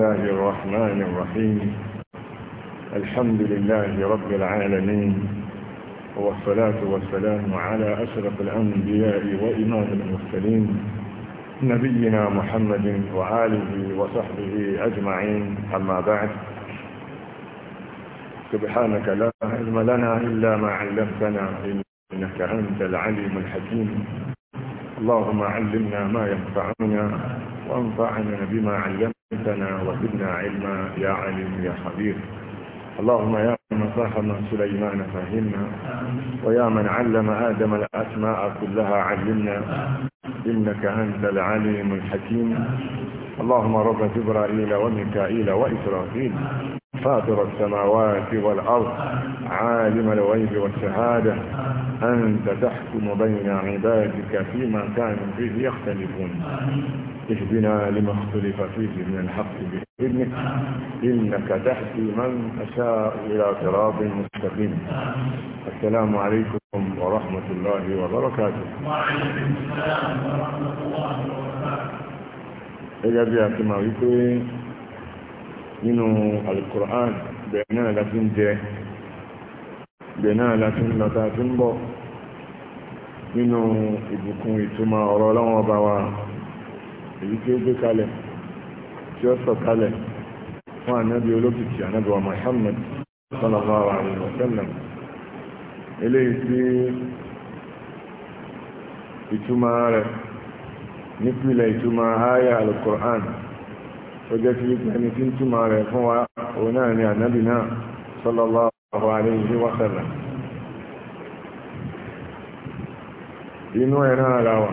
الله الرحمن الرحيم الحمد لله رب العالمين والصلاة والسلام على أشرف الأنبياء وإمام المرسلين نبينا محمد وآله وصحبه أجمعين أما بعد سبحانك لا علم لنا إلا ما علمتنا إنك أنت العليم الحكيم اللهم علمنا ما ينفعنا وانفعنا بما علمتنا وزدنا علما يا عليم يا خبير اللهم يا من فهم سليمان فهمنا ويا من علم آدم الأسماء كلها علمنا إنك أنت العليم الحكيم اللهم رب جبرائيل وميكائيل وإسرافيل فاطر السماوات والأرض عالم الغيب والشهادة أنت تحكم بين عبادك فيما كانوا فيه يختلفون اهدنا لما اختلف فيه من الحق بإذنك إنك تحكي من أشاء إلى صراط مستقيم السلام عليكم ورحمة الله وبركاته gẹ́gẹ́ bí a ti máa wípé nínú alukur'an bẹ̀rẹ̀ náà láti ń jẹ bẹ̀rẹ̀ náà láti ń lọ́ta tí ń bọ̀ nínú ìbùkún ìtumọ̀ ọ̀rọ̀ ọlọ́wọ́ ọba wa èyí tí ó gbé kalẹ̀ tí ó sọ kalẹ̀ fún ànábí olókìkí ànábí wa Muhammad sallallahu alaihi wa sallam eléyìí tí ìtumọ̀ rẹ̀ nípìnlẹ̀ ìtumọ̀ àyà alukur'an ó jẹ́ sí wípé ẹni tí ń túmọ̀ rẹ̀ fún wa òun náà ni ànábì náà sallallahu alayhi wa sallam inú ẹ̀ náà ra wa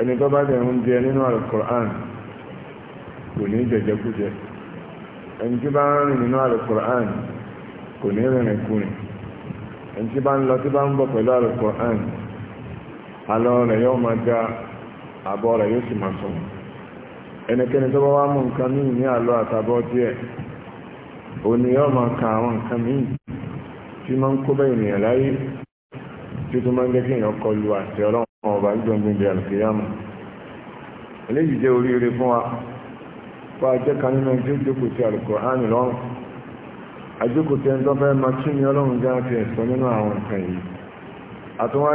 ẹni tó bá dẹ̀ jẹ nínú alukur'an kò ní jẹjẹkújẹ ẹni tí bá ń rìn nínú alukur'an kò ní rìnrìn kúrin ẹni bá ń lọ tí bá ń bọ̀ pẹ̀lú Al-Qur'an alọ́ rẹ̀ yóò máa dá àbọ̀ rẹ̀ yóò sì máa sọ̀rọ̀ ẹnikẹ́ni tó bá wá mú nǹkan míì ní àlọ́ díẹ̀ ka àwọn nǹkan míì tí máa ń kó bẹ́ẹ̀ ènìyàn láyé tí tó máa ń jẹ́ kí àti ọlọ́run ọba gbọ̀ngbọ̀n di àlùkìyàmù eléyìí jẹ́ oríire fún wa àjókòtí tí tó fẹ́ ma tún ní ọlọ́run já fi ẹ̀sọ́ nínú àwọn nǹkan yìí àtúnwá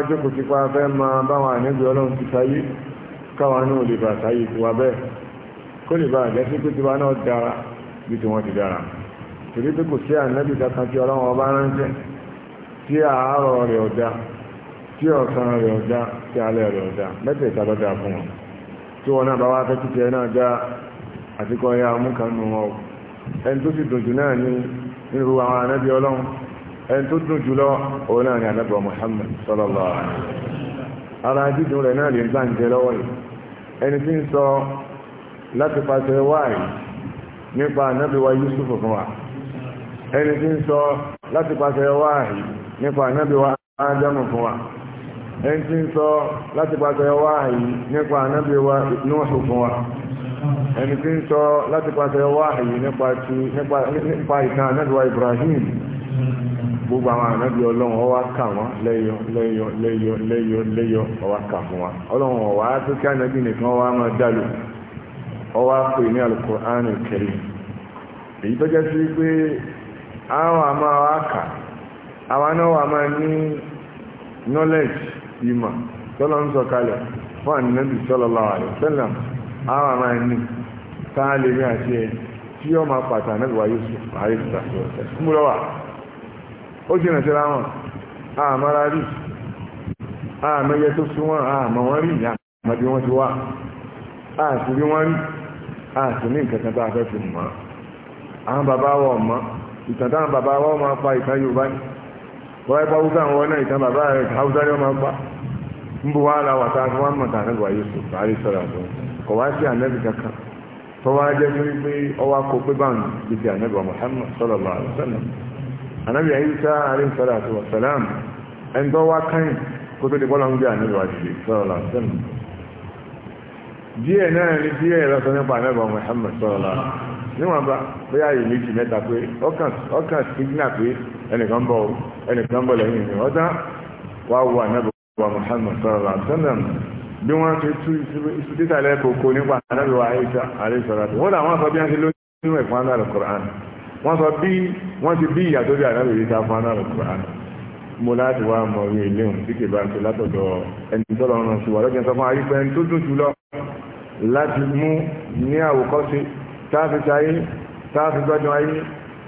pa fẹ́ báwọn ọlọ́run ti sáyé náà lè bà sáyé bẹ́ẹ̀ kó lè bà jẹ́sí pé tiwa náà dára bí ti dára torí pé kò sí ànábì kankan tí ọlọ́run ọba ránṣẹ́ tí àárọ̀ rẹ̀ nírú àwọn ànábì ọlọ́run ẹni tó dùn jùlọ òun náà ni ànábì Muhammad sallallahu alaihi wasallam ara dídùn rẹ̀ náà lè ń gbàǹjẹ lọ́wọ́ yìí ẹni tí ń sọ láti pàṣẹ wáyé nípa ànábì wa Yusuf fún wa ẹni tí ń sọ láti pàṣẹ wáyé nípa ànábì wa Ádámù fún wa ẹni tí ń sọ láti pàṣẹ wáyé nípa ànábì wa Nuhu fún wa. ẹni tí ń sọ láti pàṣẹ wáhìí nípa ìtàn anáduwa Ibrahim gbogbo àwọn ànábì ọlọ́run ọwá kà wọ́n lẹ́yọ lẹ́yọ lẹ́yọ lẹ́yọ lẹ́yọ ọwá kà fún wa ọlọ́run ọwá tó kí ànábì nìkan ọwá máa dálò ọwá pè ní èyí tó jẹ́ sí pé àwọn wa kà àwọn máa ní knowledge ìmọ̀ tọ́lọ́ awa àmà ní táà lè àti ẹ̀ tí ó máa pàtà náà wà yóò ààrẹ ìgbà ó jìnà sí ra a bàbá wa máa pa ìtàn Yorùbá ni wọ́n ẹ bá wúdà náà ìtàn bàbá rẹ̀ ni wọ́n máa pa ń bu wàhálà wàtá fún wọn náà kò wá sí ànábì kankan tó wá jẹ́ sí wípé ọwá kó pé bá ń gbèsè ànábì wa Muhammad sallallahu alaihi wasallam ànábì Ìsá alayhi salatu wa salam ẹni tó wá káyìn kó tó di bọ́lá ń gbé ànábì wa dìde sallallahu alaihi wasallam díẹ̀ náà ni díẹ̀ lọ́sọ nípa ànábì wa Muhammad sallallahu alaihi wasallam níwọ̀n bá bóyá yìí méjì mẹ́ta pé ọkàn sígínà pé ẹnìkan bọ̀ ẹnìkan bọ̀ lẹ́yìn ìrìn ọ̀dá wà wà náà bọ̀ Muhammad sallallahu alaihi bí wọ́n ti tú isu títà lẹ́kọ̀ọ́kọ́ nípa àdábìwà àìsà àríṣọ́láti wọ́n làwọn sọ bí wọ́n ti lóyún ẹ̀fún anáàlù kọ̀rán wọ́n sọ bí wọ́n ti bí ìyà tó bí àdábìwà àìsà fún anáàlù kọ̀rán mo láti wá mọ orí eléhùn tí kìí bá ń pè látọ̀dọ̀ ẹni tọ́lọ ọ̀nà sí wà lọ́jọ́ sọ fún arípẹ́ tó dùn jùlọ láti mú ní àwòkọ́ṣe táàfi táyé táàfi gbọ́dọ̀ ayé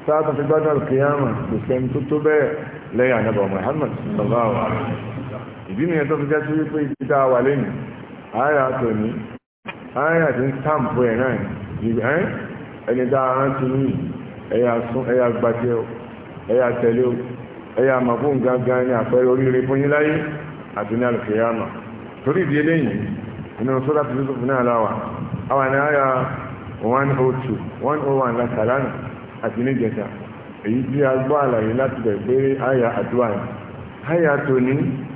táàfi gbọ́dọ̀ kìíyàmà kò sẹ́ni tó tó bẹ́ẹ̀ lẹ́yìn ànábọ̀ Muhammad sallallahu alaihi wasallam ìdí nìyẹn tó fi jẹ́ sí wípé ibi tá a wà lẹ́nu ààyè àtòní ààyè àti ń tàǹpù ẹ̀ náà ìgbà ẹ́ ẹni tá a rántí ní ẹ̀yà sún ẹ̀yà gbajẹ́ o ẹ̀yà tẹ̀lé o ẹ̀yà màkún gangan ní àpẹẹrẹ oríire fún yín láyé àti ní àlùkìyàmà torí ìdí eléyìí inú sọ́dà tó tó fún náà láwà àwọn ni ààyè 102 101 látàlánà àti níjẹta èyí tí a gbọ́ àlàyé láti bẹ̀ pé ààyè àdúrà yìí ààyè àtòní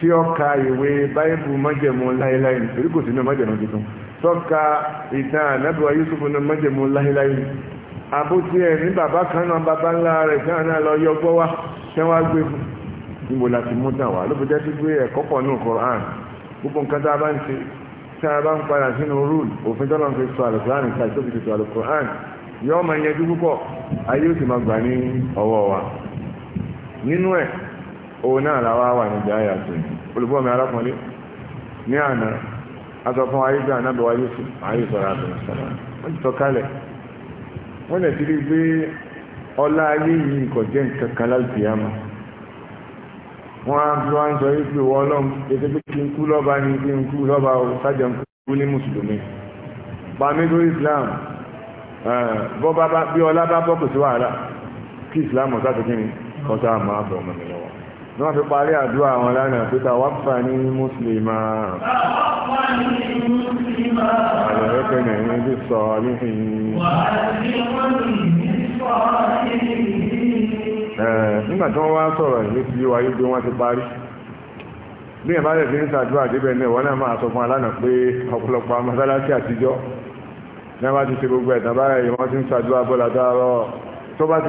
tí ó ka ìwé báyìbù májẹ̀mú láíláí torí kò sí ní májẹ̀mú tuntun tó ka ìtàn Yusuf ní májẹ̀mú láíláí àbótí ẹ̀ ní bàbá kan bàbá ńlá tí yọ gbọ́ wá tí wọ́n á gbé fún ti mú tàn wá ló fi jẹ́ sí pé ẹ̀kọ́ pọ̀ ní Qur'an gbogbo nǹkan tá a bá ń ṣe tá a bá ń padà sínú rúùlù òfin fi sọ ti sọ yọ ọmọ ìyẹn dúpọ̀ ayé ó sì máa òun náà làwá wà níbi àyà tó ní olùgbọ́ mi arákùnrin ní àná aṣọ fún ayé gbé àná bọ̀wá yóò fún ayé sọ̀rọ̀ àbẹ̀rẹ̀ sọ̀rọ̀ wọ́n ti tọ́kálẹ̀ wọ́n lè ti rí pé ọlá ayé yìí kò jẹ́ nǹkan kan láti yàmà wọ́n á fi wá sọ wípé wọ́n ọlọ́run ètò pé kí n kú lọ́ba ni kí n kú lọ́ba o sájà ń kú ní mùsùlùmí bàmídó Islam bọ́ bá bí ọlá bá bọ́ kò sí wàhálà kí Islam ọ̀sá tó kí ni ọ̀sá àmọ́ àbọ̀ ọmọ mi lọ́wọ́ náà fi parí àdúrà àwọn lánàá pé muslima àlẹ́rẹ́pẹ̀ nàìjíríà ti sọ níhìn nígbà tí wọ́n wá sọ̀rọ̀ ìwé tí ó wáyé pé wọ́n ti parí bí ẹ̀bá rẹ̀ fi ń sàdúrà débẹ̀ náà wọ́n náà máa sọ fún alánà pé ọ̀pọ̀lọpọ̀ amásálásí àtijọ́ náà bá ti tó bá ti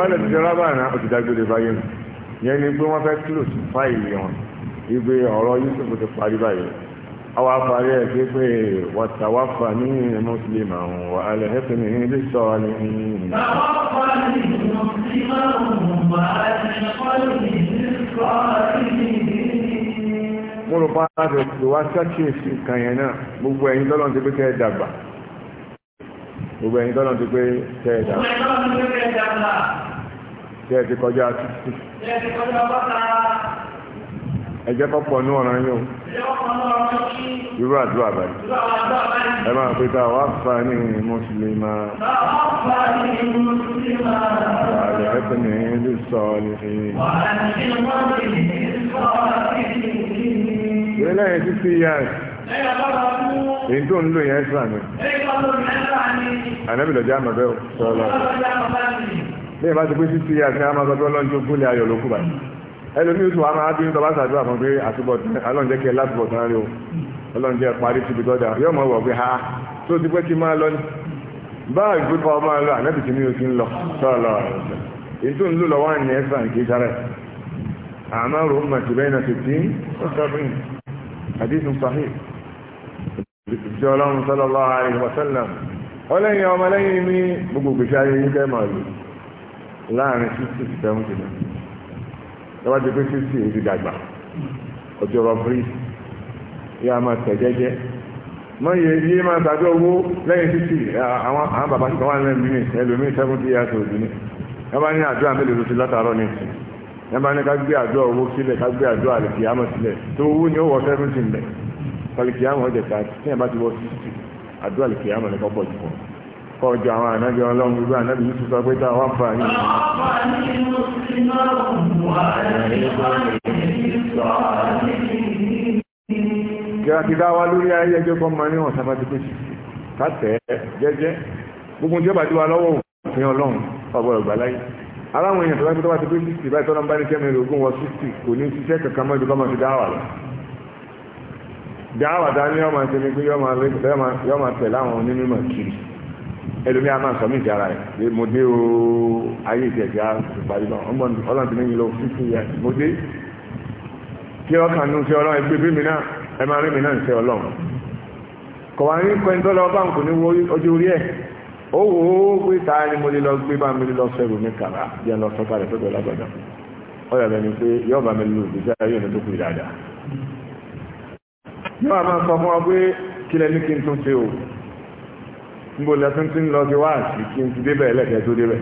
wọ́n ti jọra báyìí náà òtítà gbélé báyé nù yẹn ni pé wọ́n fẹ́ kílò sí fáìlì wọn ìgbé ọ̀rọ̀ Yusuf ti parí báyìí àwọn afárí ẹ̀ pé pé wàtàwáfà ní mùsùlùmí àwọn wà alẹ́ ẹ̀fẹ́ mi ní ilé sọ ni. mo rò pa láti pè wá sákìyèsí kan yẹn náà gbogbo ẹ̀yin tọ́lọ́ ti pé kẹ́ ẹ dàgbà gbogbo ẹ̀yin tọ́lọ́ ti pé kẹ́ ẹ dàgbà tẹ́ ẹ ti kọjá títí. ẹ jẹ́ kọ́ pọ̀ ní ọ̀ràn yóò. irú àdúrà báyìí. ẹ máa pe ta wá fa ní mùsùlùmá. wàhálà ẹ fún mi ní sọ́ọ̀lì. ìwé lẹ́yìn títí yá ẹ̀. èyí tó ń lò yẹn sàn ni. ànábìlẹ̀ jẹ́ àmọ̀ bẹ́ẹ̀ o sọ́ọ̀lá bí ìbá ti pé sí sírí àti àmà sọ́jọ́ lọ́njọ́ gúnlẹ̀ ayọ̀ ló kú báyìí ẹlòmí oṣù àmà ábínú tọ́ba ṣàdúrà fún pé àlọ́njẹ́ kí ẹ láti bọ̀ tán rí o ọlọ́njẹ́ parí síbi tọ́jà yóò mọ̀ wọ̀ pé ha tó ti pẹ́ kí máa lọ ní báàgì pípa ọmọ lọ ànẹ́bì tí mi ò ti ń lọ sọ́ọ̀ lọ ètò ń lò lọ́wọ́ àyìn ẹ̀sán kì í sáré àmà rò mà ti bẹ́ẹ̀ náà ti tí ó sábìn àdísùn sahih ìjọ láàrin sixty to seventy náà lọ́wọ́ ti pé sixty ń ti dàgbà ọjọ́ rọ fírí yóò a máa tẹ̀ jẹ́jẹ́ mọ iye iye máa tàbí owó lẹ́yìn sixty àwọn àwọn bàbá tí wọ́n wà lẹ́nu mi ẹlòmíì seventy years old ni ẹ bá ní àdúrà mélòó ló ti látàárọ̀ ní ìsìn ẹ bá ní ká gbé àdúrà owó sílẹ̀ ká gbé àdúrà àlèkè àmọ̀ sílẹ̀ tó owó ni ó wọ seventy mbẹ̀ àlèkè àmọ̀ ọjà tí a ti tí a bá ti wọ sixty àdúrà àlèkè àmọ̀ ní kọ́ pọ̀ jù fún un ọjọ́ àwọn ànábí ọlọ́run gbogbo ànábí yìí sọ pé tá wọ́n fà yìí jẹ́ ti dáwà lórí ayẹyẹ kọ́ ma ní ọ̀sán bájú pé kàtẹ́ jẹ́jẹ́ gbogbo jẹ́ bàjú wa lọ́wọ́ òfin ọlọ́run ọgbọ̀rọ̀ gbàláyé aláwọn èèyàn tọ́lá tó bá ti pé 60 báyìí tọ́lá ń bá ní kẹ́mẹ́rin ogún wọ 60 kò ní ṣiṣẹ́ kankan mọ́ ju kọ́ máa fi dáwà lọ dáwà dání yọ́ máa ṣe ni pé yọ́ máa tẹ̀lé àwọn onímọ̀ kiri ẹlòmí a máa sọ mí ìjára ẹ̀ pé mo dé o ayé ìjẹ̀jẹ̀ á parí lọ ọgbọ́n ọlọ́run ti ní yìí lọ fífi ẹ̀ mo dé kí ọkàn nù sí ọlọ́run ẹgbẹ́ bí mi náà ẹ máa rí mi náà ń sẹ́ ọlọ́run kọ̀wá ní pẹ́ńtọ́ lọ bá ń kò ní wo ojú orí ẹ̀ ó wò ó pé ta ni mo lè lọ gbé bá mi lọ sẹ́rù mi kàrà bí ẹn lọ sọ́kà rẹ̀ pẹ́pẹ́ lágbàdà ó yà lẹ́nu pé yóò bá mi lù ìgbésí ayé òní tó kù dáadáa yóò máa sọ fún ọ pé kí lẹ́ni kí n tún ṣe o níbo lẹ́tún tí ń lọ sí wáàsí kí n ti débẹ̀ ẹlẹ́kẹ̀ẹ́ tó débẹ̀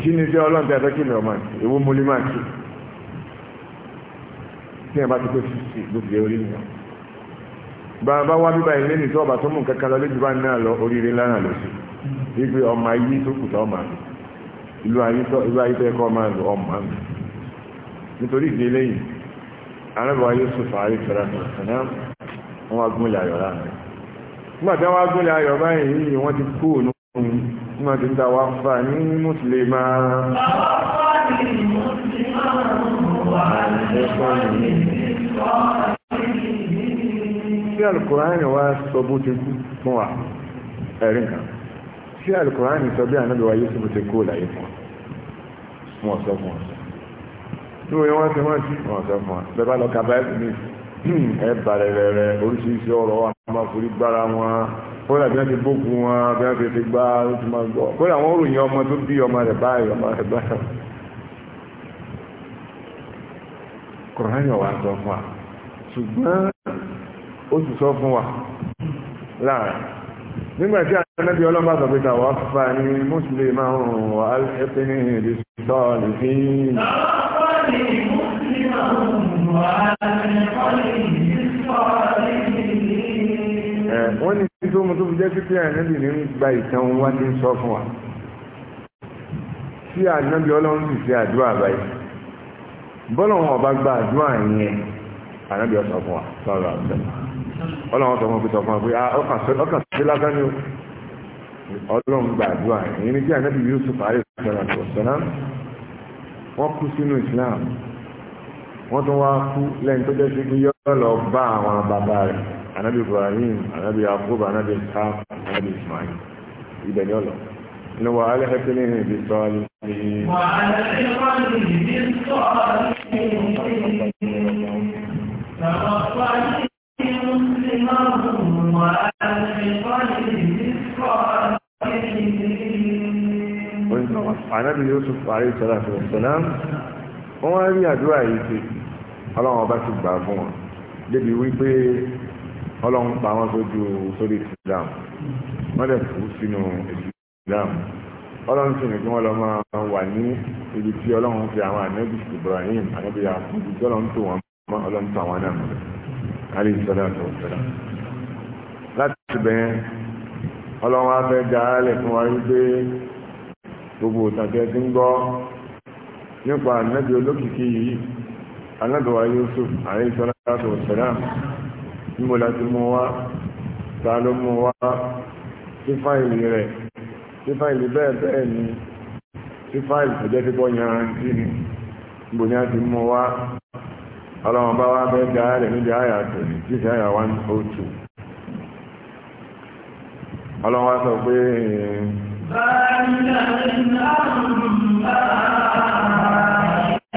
kí ni jẹ́ ọlọ́run tẹ́ kí ni ọmọ ìwú múlí máa kí tí ẹ bá ti pé fífi ló fi orí mi bàbá wá bíbá ilé nìtọ́ ọba tó mú kankan lọ lójú bá ń náà lọ oríire lánàá lọ sí wípé ọmọ ayé tó kù tọ́ ọmọ mi ìlú ayé tó ẹkọ ọmọ mi ọmọ mi nítorí ìdí eléyìí arábìwá Yusuf àríkàrà náà wọn wá gúnlẹ̀ ayọ̀ láàrin nígbàtí wọ́n gúnlẹ̀ ayọ̀ báyìí wọ́n ti kú òun nígbàtí ń tàwà fà ní mùsùlùmá sí alukùránì wá sọ bó ti kú fún wa ẹ̀rin kan sí alukùránì sọ bí ànábì wa Yúsúfù ti kú láyé fún wọn sọ fún wọn tí wọ́n sọ fún wọn bẹ́ẹ̀ bá lọ ka báyìí Hmm, ẹ bàrẹ̀ rẹ̀rẹ̀ oríṣiríṣi ọ̀rọ̀ wa máa forí gbára wọn kódà bí wọ́n ti bókú wọn bí wọ́n ti ti gbá ló ti máa gbọ́ kódà wọ́n ròyìn ọmọ tó bí ọmọ rẹ̀ báyìí ọmọ rẹ̀ báyìí. kọ̀ọ̀rán yọ̀ wá sọ fún wa ṣùgbọ́n ó sì sọ fún wa láàrin nígbàtí ànábí ọlọ́mbà sọ pé tàwà fà ní mùsùlùmí máa ń wà alẹ́pẹ́ ní wọ́n ní tó mú tó fi jẹ́ pípẹ́ ní gba ìtàn ní sọ fún wa tí ànábì ọlọ́run sì fi àdúrà báyìí bọ́lọ̀wọ́n ọba gba àdúrà yẹn ànábì ọsọ fún wa sọ́rọ̀ àbúrò ọlọ́run sọ fún pé sọ fún wa pé ah, sí lásán ni ọlọ́run gba àdúrà yẹn Islam wọ́n tún wá kú lẹ́yìn tó jẹ́ sí pé yọ́ lọ bá àwọn bàbá rẹ̀ anabi ibrahim anabi yakub anabi ishaq anabi ismail ibẹ̀ ni ọlọ ni wà á lẹ́hẹ́ kílé ní ibi sọ ní. wà á lẹ́hẹ́ kílé ní ibi sọ ní Anabi Yusuf alayhi salatu wa salam wọ́n rí àdúrà yìí ṣe ọlọ́run ọba ti gbà fún wọn débi wípé ọlọ́run pa wọn sójú sórí Islam wọ́n dẹ̀ kú sínú Islam ọlọ́run sì ní kí wọ́n lọ máa wà ní ibi tí ọlọ́run fi àwọn ànábì Ibrahim ànábì àkùn ibi tí ọlọ́run tó wọn mọ́ ọlọ́run tó àwọn náà mọ́lẹ̀ alẹ́ ìṣọ́lá tó ṣẹlá láti bẹ̀rẹ̀ ọlọ́run á fẹ́ dá fún wa wípé gbogbo òtàkẹ́ ti ń gbọ́ nípa ànábì olókìkí yìí anábìwá Yusuf àyè sọ́láṣọ́ sẹ́lám níbo la ti mú wá ta ló mú wá sí fáìlì rẹ̀ sí fáìlì bẹ́ẹ̀ bẹ́ẹ̀ ni sí fáìlì tó jẹ́ pípọ́ yanrantí ni níbo ààrẹ níbi àyà tó ní tí ìṣẹ́ àyà 102 ọlọ́run wá sọ pé báyìí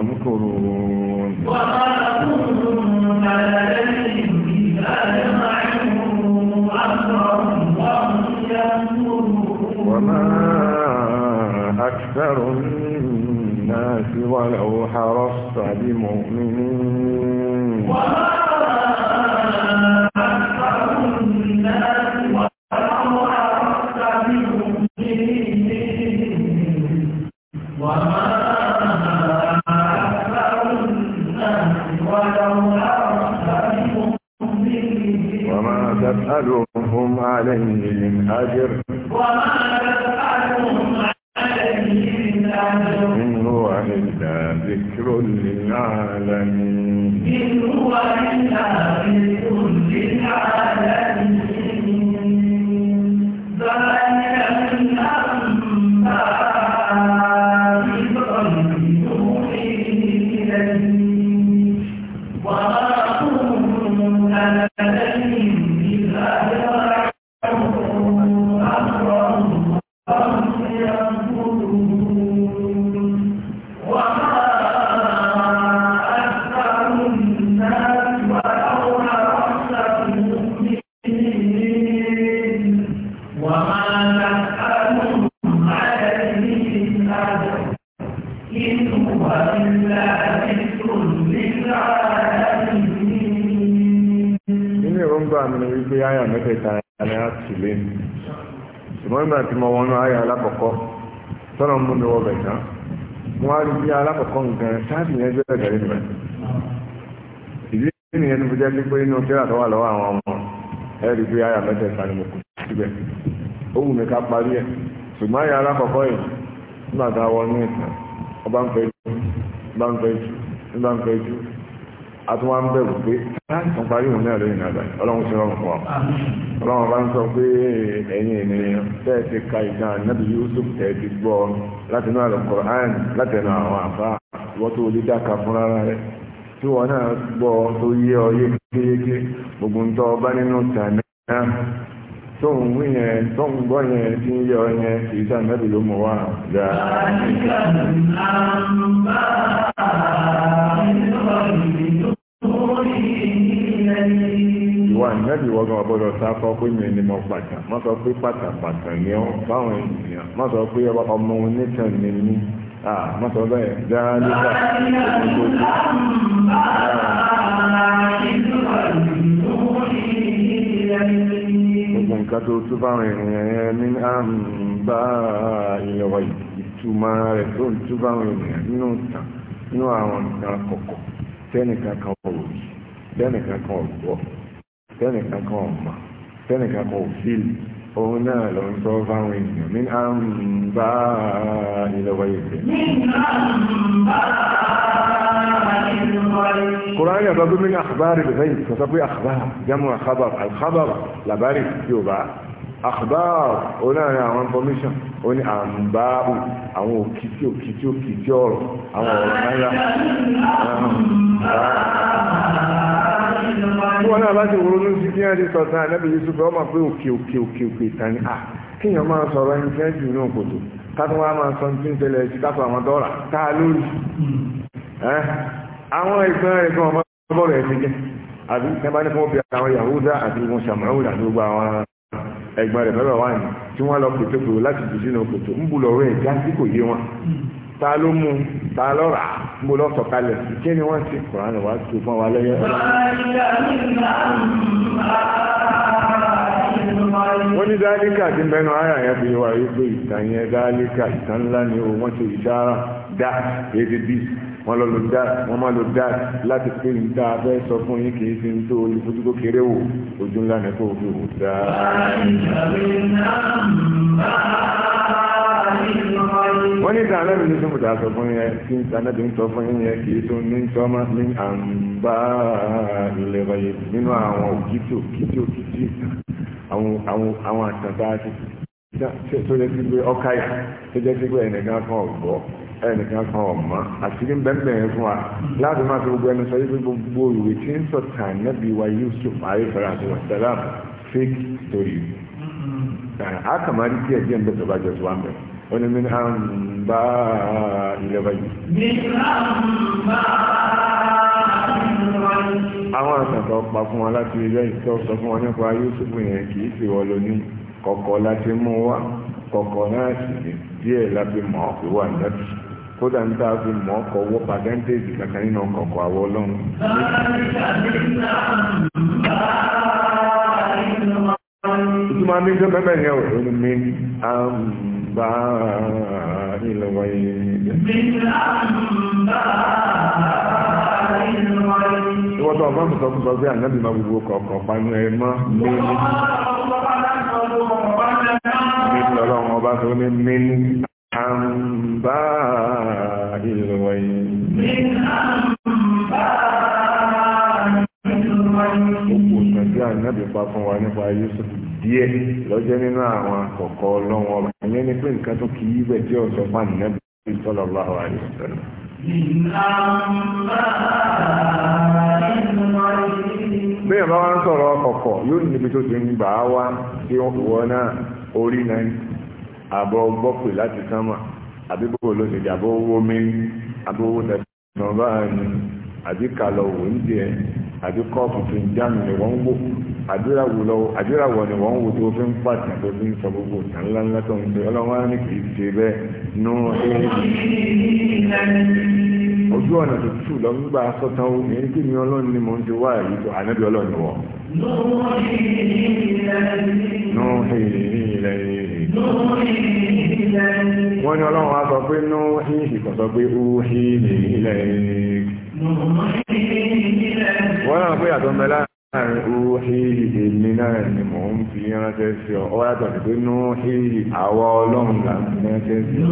يمكرون وما أكثر الناس ولو حرصت بمؤمن أجر وما تفعلهم عليه إلا ذكر للعالمين nígbà tí mo wọnú ayé alákọ̀ọ́kọ́ tọ́lọ̀ mú mi wọ bẹ̀tán wọ́n á rí bí alákọ̀ọ́kọ́ nǹkan sáàtì yẹn jẹ́ ẹ̀gẹ́ nínú ẹ̀ ìdí jẹ́ inú lọ́wọ́ àwọn ọmọ ẹ̀ rí bí ayà ni mo kù síbẹ̀ ó wù mí ká parí ẹ̀ ṣùgbọ́n ayé alákọ̀ọ́kọ́ yìí nígbà tá a wọnú ìtàn ọba ń fẹ́ ọba ń ọlọ́run bá ń sọ pé ẹ̀yin ènìyàn tẹ́ẹ̀ ti ka ìtàn ànábì Yusuf tẹ́ẹ̀ ti gbọ́ láti inú Al-Qur'an láti ẹnu àwọn àbá ìwọ́n tó lè dáka fún rárá rẹ̀ tí wọ́n náà gbọ́ tó yé ọ yékéyéké gbogbo ń tọ́ ọba nínú tàn náà tó ń wí yẹn tó ń gbọ́ yẹn tí ń yé ọ yẹn kì í sàn nábì ló mú wá gbà. láti kàn án bá a ń bá a ń bá a. ìwọ gan ọgbọ́dọ̀ sá fọ pé mi ni mo pàtàn má sọ pé pàtàn pàtàn ni ọ báwọn ènìyàn má sọ pé ọmọ onítàn ni mí má sọ bẹ́ẹ̀ dáálíkà ìgbòho. gbogbo nǹkan tó tún báwọn ènìyàn yẹn ní àmbá ìyọ̀wọ̀ ìtumọ̀ rẹ̀ tó ń tún báwọn ènìyàn nínú ìtàn nínú àwọn nǹkan kọ̀kọ̀ tẹ́nìkan kan ò rí tẹ́nìkan kan ò gbọ́ tẹ́nì kankan ọ̀mà tẹ́nì kankan òfíìlì òun náà lọ ń sọ fáwọn èèyàn ní à ń bá ìlọ́wọ́ ìfẹ́. Kùránì àti ọdún mi ní àkàbárì lè sẹ́yìn sọ pé àkàbárì jámù àkàbárì àkàbárì làbárì yóò bá àkàbárì òun náà àwọn information ó ní àǹbáàbù àwọn òkìtì òkìtì òkìtì ọ̀rọ̀ àwọn ọ̀rọ̀ náírà tí wọ́n náà bá ti wúrú ní sí kí wọ́n ti sọ̀tàn ànábì yusuf ọmọ pé òkè òkè òkè òkè ìtàn ni à kíyàn máa sọ̀rọ̀ ẹni fẹ́ jù ní òkòtò kátún wá máa sọ ní tẹ́lẹ̀ sí kátún àwọn dọ́là tá a lórí àwọn ìgbọ́n rẹ̀ kan ọmọ bọ́ọ̀lù ẹ̀ ti jẹ́ àbí tẹ́bá ní fún obìnrin àwọn yahuda àti wọn sàmúlò àti gbogbo àwọn ẹgbẹ́ rẹ̀ mẹ́rọ̀ wáyé tí wọ́n lọ pètèpè láti jù sínú òkòtò ń bù lọ́rọ̀ ẹ̀ já sí kò yé wọn ta ló mú ta lọ rà á mo lọ sọ̀kalẹ̀ kí ni wọ́n ti kọ̀ọ̀rán wá tó fún wa lẹ́yẹ. wọ́n ní dáálíkà tí ń bẹnu ara yẹn fi wà wípé ìtàn yẹn dáálíkà ìtàn ńlá ni o wọ́n ti ìṣára dá èdè bíi wọ́n lọ lo dat wọ́n má lo dat láti pé ní tá a sọ fún yín kì í fi ń tó olùfojúkó kéré wò ojú ńlá ní kò fi wò wọ́n ní ìtàn anábì ní tó kùtà sọ fún yẹn kí ní ìtàn anábì ń sọ fún yín yẹn kì í tó ní sọ́mọ́ ní àǹbá ilẹ̀ báyìí nínú àwọn òkìtì òkìtì òkìtì àwọn àtàntà àti tó yẹ kí pé ọkà yìí tó jẹ́ ẹnìkan kan ọ̀gbọ́ ẹnìkan kan ọ̀mọ́ àṣírí bẹ́ẹ̀bẹ́ẹ̀ fún wa láti máa fi gbogbo ẹnu sọ yìí pé gbogbo ìwé tí ń sọ̀tà nẹ́bí wa Yusuf ayéfẹ́rẹ́ àti wàsálà fake story a kà máa rí díẹ̀ díẹ̀ ń bẹ̀ tó bá jọ tó wá ń bẹ̀ wọ́n ní mímú àmbá ilẹ̀ wa yìí. àwọn àtàkọ́ pa fún wa láti ilé ìtọ́ sọ fún wa nípa Yusuf yẹn kì í ṣèwọ́ lónìí kọ̀kọ̀ láti mú wá kọ̀kọ̀ náà sì ní díẹ̀ láti mọ̀ ọ́ fi wà nẹ́bí kódà ń dáa fi mọ̀ ọkọ̀ wọ́ pàdéńtéèjì kankan nínú ọkọ̀ọ̀kọ̀ àwọ̀ ọlọ́run. ìtumọ̀ mi jẹ́ mẹ́mẹ́ yẹn ò lórí mi àmbá ìlọ́wọ́ yìí. wọ́n ọba ọmọ àmùsọ̀ bí sọ pé ànábì máa gbogbo kọ̀ọ̀kan panu ẹ̀ mọ́ mímú. mímú ọlọ́run ọba tó ní mímú àǹbá ìlúwẹ̀yìn. ànábì pa fún wa nípa Yusuf díẹ̀ lọ́jọ́ nínú àwọn ọba. Ìyẹn ni pé nǹkan tó kì í bẹ̀ ọ̀sọ̀ fún ànábì sọ́lọ́lá àyè Bẹ́ẹ̀ bá wá ń sọ̀rọ̀ ọkọ̀kọ̀ yóò níbi tó ti ń gbà á wá tí wọ́n náà orí náà àbọ̀ gbọ́pẹ̀ láti sánmà àbíbò ló ṣe jàbọ̀ owó mi àbí ń jẹ́ àbí kọ́ọ̀pù tó ń jánu ni wọ́n ń wò àdúràwò lọ́wọ́ àdúràwò ni wọ́n ń wò tó fi ń pàtàkì tó fi ń sọ gbogbo ìtàn ńlá ńlá tó ń pè ọlọ́wọ́n ní kì í ṣe bẹ́ẹ̀ nú ojú ọ̀nà tó tù lọ sọ́tàn ó ní kí ni ọlọ́run ni mò ń ti wá èyí tó ànábì ọlọ́run wọ̀. nú wọ́n ní ọlọ́run á sọ pé nú hìhì kò pé ó hìhì ilẹ̀ wọ́n náà pé àtọ́ Rúhìhì èmi náà ni mò ń fi ránṣẹ́ sí ọ. Ó yàtọ̀ sí pé Núhìhì àwọ ọlọ́run là ń fi ránṣẹ́ sí ọ.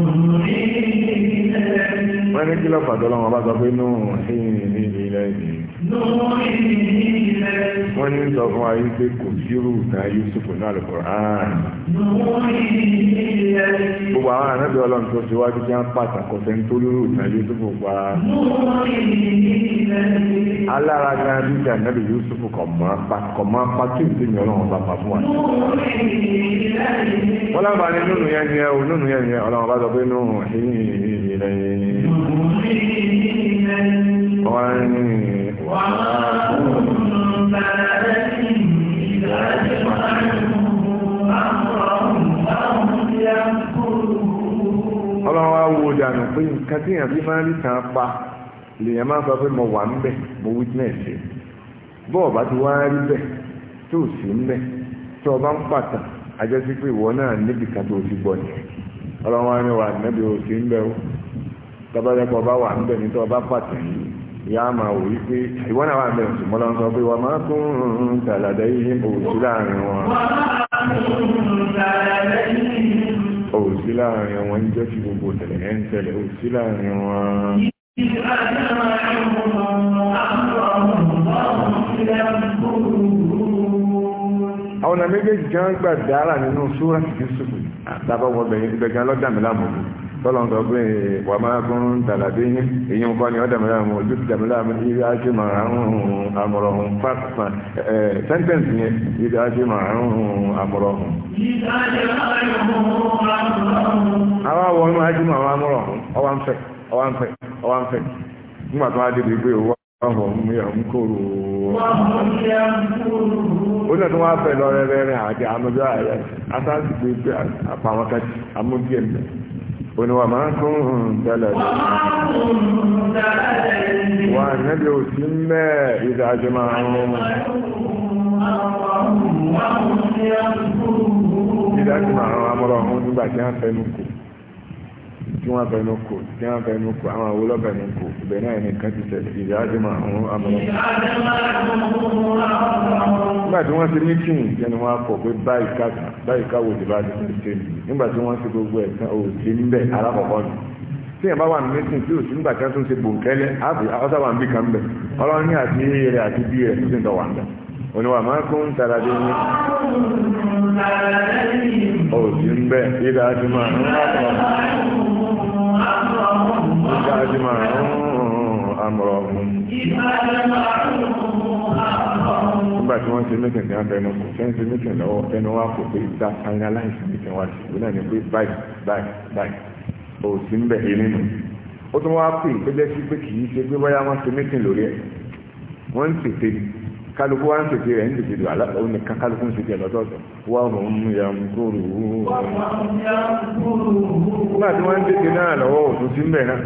Wọ́n ní kí lọ́pàá tó lọ́wọ́ bá sọ pé Núhìhì ní ilẹ̀ ni. Wọ́n ní sọ fún wa yìí pé kò sírù náà Yusuf náà lè kọ̀ọ̀ án. Gbogbo àwọn ànábì ọlọ́run tó ṣíwájú kí wọ́n pàtàkó sẹ́ni tó lérò náà Yusuf pa. Alára gan-an bí ti ànábì Yusuf kọ̀ kọ̀mọ́ kọ̀mọ́ pàtó ìsinmi ọlọ́run bá pa fún wa. wọ́n lábàá ní nínú yẹn ni ẹ o nínú yẹn ni ẹ ọlọ́run bá sọ pé nínú ìrìnlẹ̀ wọ́n ní wàá fún bàbá ìgbà ọlọ́run wá wo dànù pé nǹkan tí èèyàn fi máa ń rí kan pa lèèyàn máa ń sọ pé mo wà ń bẹ̀ mo witness it bọ́ọ̀bá ti wá rí bẹ́ẹ̀ tó sì ń bẹ́ẹ̀ tó ọba ń pàtà ajẹ́ sí pé ìwọ náà níbi kan tó ti gbọ́ ni ọlọ́run á ní wà níbi ò sí ń bẹ́ ó tọ́bọ́dẹ́pọ̀ bá wà níbẹ̀ ní tó ọba pàtà yìí ìyá máa wò yí pé ìwọ náà wà níbẹ̀ ṣùgbọ́n lọ́n sọ pé wọ́n máa tún ń tàlàdé yìí òòsì láàrin wọn òòsì láàrin wọn jẹ́ sí gbogbo tẹ̀lẹ̀ ń tẹ̀lẹ̀ òòsì láàrin wọn. ọ na méjèèjì kan gbà dára nínú súra Yusufu tàbá wọ bẹ̀gàn lọ́dàmìlámù tọ́lọ́ǹtọ́ pé wà máa gún tàlàbí èyí ń kọ́ ni ọ́dàmìlámù ojú dàmìlámù ilé ajé màá ń àmọ̀rọ̀ hùn fàtà sẹ́ńtẹ̀ǹsì yẹn ilé ajé màá ń àmọ̀rọ̀ hùn. àwọn màá àmọ̀rọ̀ ọwọ́ Ọ̀hùn yẹ̀mkúrú. Ó náà tó wá fẹ́ lọ rẹ̀rẹ̀rẹ̀ àti àmójọ́ ààrẹ, asáàsì pé pé àpàwọn kàtí, àmójú ẹ̀mẹ́. Ó ní wà máa kún tẹ́lẹ̀ lọ. Wà nẹ́bí ò sí mẹ́ ìdájọ́ máa ń rún. Ìdájọ́ tí bẹnu kò tí bẹnu kò àwọn àwọn olóbẹ̀nu kò ibẹ̀ náà ní nǹkan ti tẹ̀lé ìdájọ́mọ̀ àwọn amọ̀lọ́. nígbà tí wọ́n ti mítìn ìjẹnu wọn kọ̀ pé báyìí káàkà báyìí káwò ti bá ti fi ṣe nígbà tí wọ́n ti gbogbo ń bẹ̀ alákọ̀ọ́kọ́ ni. tí yẹn bá wà ní tí nígbà tí wọ́n ṣe bòńkẹ́lẹ́ oníwà máa kún tàrà dé ní òsì ń bẹ́ ìdá àti máa ń àmọ̀ ìdá àti máa ń àmọ̀ ọ̀hún nígbà tí wọ́n ṣe mítìn tí wọ́n fẹnu kò fẹ́ ṣe mítìn lọ́wọ́ fẹnu wa kò pé ìta sáyà láìsí mítìn wa sí ìwé náà ni pé báyìí báyìí báyìí òsì ń bẹ̀ yìí nínú ó tún wá pè é pé jẹ́ sí pé kì í ṣe pé bóyá wọ́n ṣe mítìn lórí ẹ̀ wọ́n ń tètè kálukú wá ń sèké rẹ̀ ń dìde dùn aláta ó ní kálukú ń sèké lọ́tọ̀ọ̀tọ̀ wà hùn ya ń kúrò nígbà tí wọ́n ń sèké náà lọ́wọ́ òtún sí mbẹ̀ náà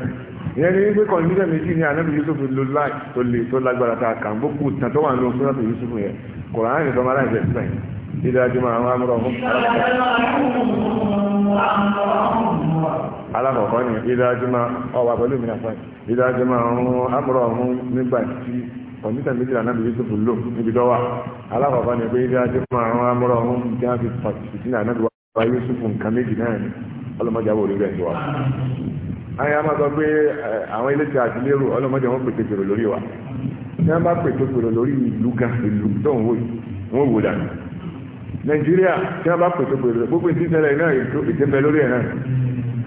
ìyẹn ní pé kọ̀ǹdíṣẹ̀ méjì ní anábì Yusuf ló láì tó le tó lágbára tá a kàn gbókù tán tó wà ní oṣù láti Yusuf yẹn Kùránì ní sọmọ aláìsẹ̀ sílẹ̀ ìdá jùmọ àwọn amúrọ̀ fún. alákọ̀ọ́kọ́ ni ìdá jùmọ ọwà pẹ̀lú mi náà fún ìdá jùmọ àwọn amúrọ̀ fún nígbà tí kọ̀mítà méjìlá náà bìí sọ́fù lò níbi dọ́wà alákọ̀ọ́kọ́ ni pé ibi ajé fún àwọn amúrọ̀ ọ̀hún tí a fi fàtìsì náà náà wá Yusufu nǹkan méjì náà ni ọlọ́mọdé àwọn olórí ẹ̀ wa. ayé a máa sọ pé àwọn ilé tí a ti lérò ọlọ́mọdé wọn pètè pèrò lórí wa tí wọ́n bá pètè pèrò lórí ìlú gan ìlú tó ń wò wọ́n wò dànù Nàìjíríà tí wọ́n bá pètè pèrò gbogbo ìtìsẹ́lẹ̀ náà ètè bẹ lórí ẹ̀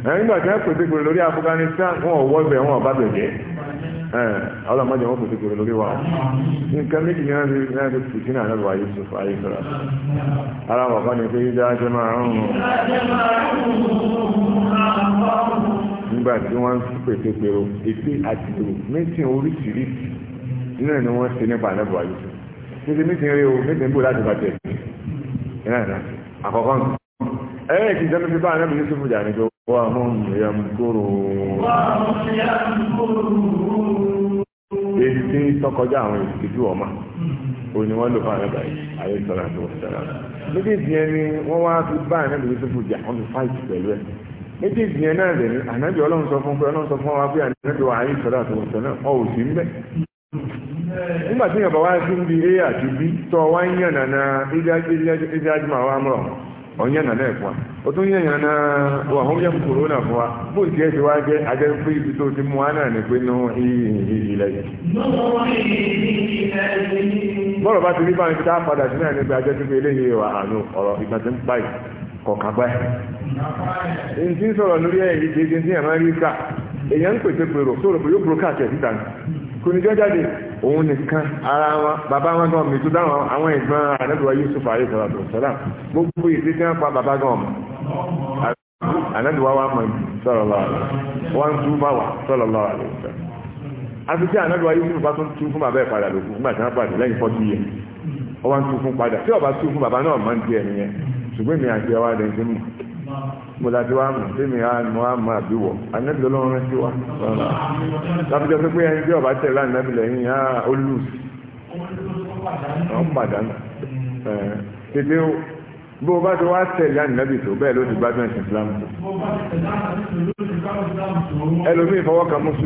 náà nígbà tí wọ́n pètè pèrò lórí Afghanistan wọn ò wọ́ bẹ̀ wọn ò bá bẹ̀ jẹ́ Eh, ọlọ́mọdé wọ́n kò fi kèrè lórí wa nǹkan méjì ní wọ́n fi fi sínú àlọ́bọ̀ ayé tó fà ayé sọ́ra ara wà kọ́ni pé dájẹ́ máa ń rùn nígbà tí wọ́n ń pèsè pèrò ètè àti èrò mẹ́sìn oríṣiríṣi nínú ẹ̀ ni wọ́n ṣe nípa àlọ́bọ̀ ayé tó títí mẹ́sìn rí o mẹ́sìn bò láti bàtẹ̀ àkọ́kọ́ ẹ̀rẹ́ ìtìjọ́ mi fi bá àlọ́bọ̀ yóò tó fún وهم يمكرون وهم يمكرون òní wọn lò fún àwọn ẹgbàá yìí ayé sọ̀rọ̀ méjèèjì yẹn ni wọn wá fi bá ànábì yìí sọfún jà fi fáìtì pẹ̀lú ẹ méjèèjì yẹn náà lẹni ànábì Ọlọ́run sọ fún pé Ọlọ́run sọ fún wa pé ànábì wa ò sí nígbà tí sí a àti b wá onye na na-ekwa otu onye na m kwuru na fụwa bụ nke eji wa jẹ ajẹ ń pín ibùdó tí mo wá náà ní pé nú ìhìhì ilẹ̀ yìí. bọ́ọ̀lù ti rí báyìí tí a padà sí náà nígbà ajẹ́ tó fi eléyìí wà àánú ọ̀rọ̀ ìgbà tí ń kò ní jẹ́jáde òun nìkan ara wọn bàbá wọn gan mi tó dáwọn àwọn ìgbọ́n ànábìwá Yusuf ayé sọ̀rọ̀ tó sọ̀rọ̀ gbogbo ìdí tí wọ́n pa bàbá gan ọmọ ànábìwá wa mọ̀ sọ̀rọ̀ lọ́wọ́ wọn ń túbọ̀ wà sọ̀rọ̀ lọ́wọ́ àlẹ́ ìṣẹ́ àti tí ànábìwá Yusuf bá tún tún fún bàbá ẹ̀ padà lókun nígbà tí wọ́n pàdé lẹ́yìn fọ́tí yẹn wọ́n tún fún padà tí ọba tún fún bàbá náà mọ̀láti wa mọ̀ sí mi mọ̀ á mọ̀ àbí wọ̀ ànábì lọ́wọ́ rẹ̀ sí wa sọ̀rọ̀ lábíjọ́ pé ẹni tí ọba tẹ̀lé ànábì lẹ́yìn á olú ọ̀n pàdánù tètè bó o bá ti wá tẹ̀lé ànábì tó bẹ́ẹ̀ ló ti gbádùn ẹ̀sìn Islam tó ẹlòmíì fọwọ́ kan mú sí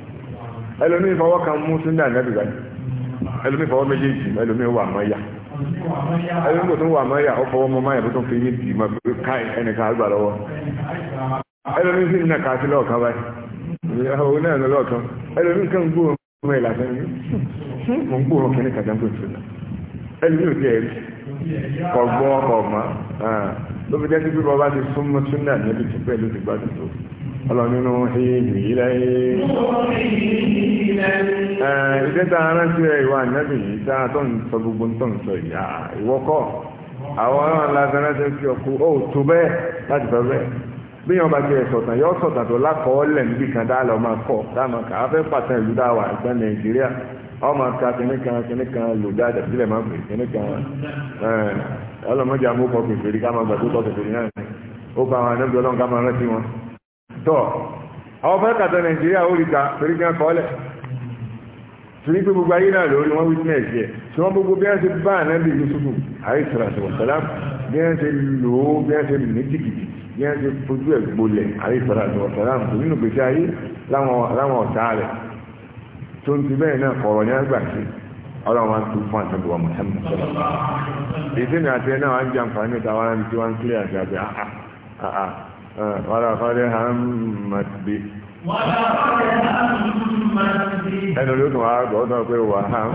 ẹlòmí ìfọwọ́ kan mú súnà nẹ́bí báyìí ẹlòmí ìfọwọ́ méjèèjì ẹlòmí wà mọ́yà ẹlòmí kò tún wà mọ́yà ó fọwọ́ mọ́ máyà tó tún fi yín dì mọ́ pé káì ẹnìkan àgbà lọ́wọ́ ẹlòmí sì nà kàá sí lọ́ọ̀kan báyìí òun náà lọ́ọ̀kan ẹlòmí kan gbóòrò mọ́ ìlàsẹ́ mo ń gbóòrò kẹ́ni kàjá gbóòrò súnà ẹlòmí ò tiẹ̀ kọ̀gbọ́n kọ̀ọ̀mọ́ ló fi jẹ́ sí pé bọ́ bá ti súnmọ́ súnà nẹ́bí ti ọlọ́nínú ìlú ilẹ̀ ìdẹ́ tá a rántí rẹ̀ ìwà ànábì yìí tá tó ń sọ gbogbo tó ń sọ ìyá ìwọ́kọ́ àwọn ọlọ́run lásánásẹ́ sí ọkú ó tó bẹ́ẹ̀ láti fẹ́ bẹ́ẹ̀ bí yọ̀n bá ti ẹ̀ sọ̀tàn yọ̀ sọ̀tàn tó lákọ̀ọ́lẹ̀ níbi kan máa kọ̀ kà á fẹ́ ìlú nàìjíríà ọmọ lò dáadáa sílẹ̀ máa ọlọ́mọdé amókọ̀ ká máa ká máa rántí wọn. tọ́ àwọn fẹ́kàtọ̀ nàìjíríà ó ríta torí kí wọ́n kọ́lẹ̀ torí pé gbogbo ayé náà lórí wọ́n witness yẹ tí wọ́n gbogbo bí wọ́n ṣe bá ànábì yusufu àríṣàṣọ sàlám bí wọ́n ṣe lò ó bí wọ́n ṣe mí jìgìjì bí wọ́n ṣe fojú ẹ̀ gbolẹ̀ àríṣàṣọ sàlám kò nínú gbèsè ayé láwọn ọ̀tá rẹ̀ tó ń ti bẹ́ẹ̀ náà kọ̀rọ̀ ní àgbà sí ọlọ́run wa ń tún fún àtàbí wa mọ̀tẹ́mọ̀ sọ́dọ̀ ìdí ni àti ẹ̀ náà wá ń jàǹfààní ìtawárá ní tí wọ́n ń kílẹ̀ àti ولقد همت به ẹnu ló tún àgbà ó tán pé wà á ń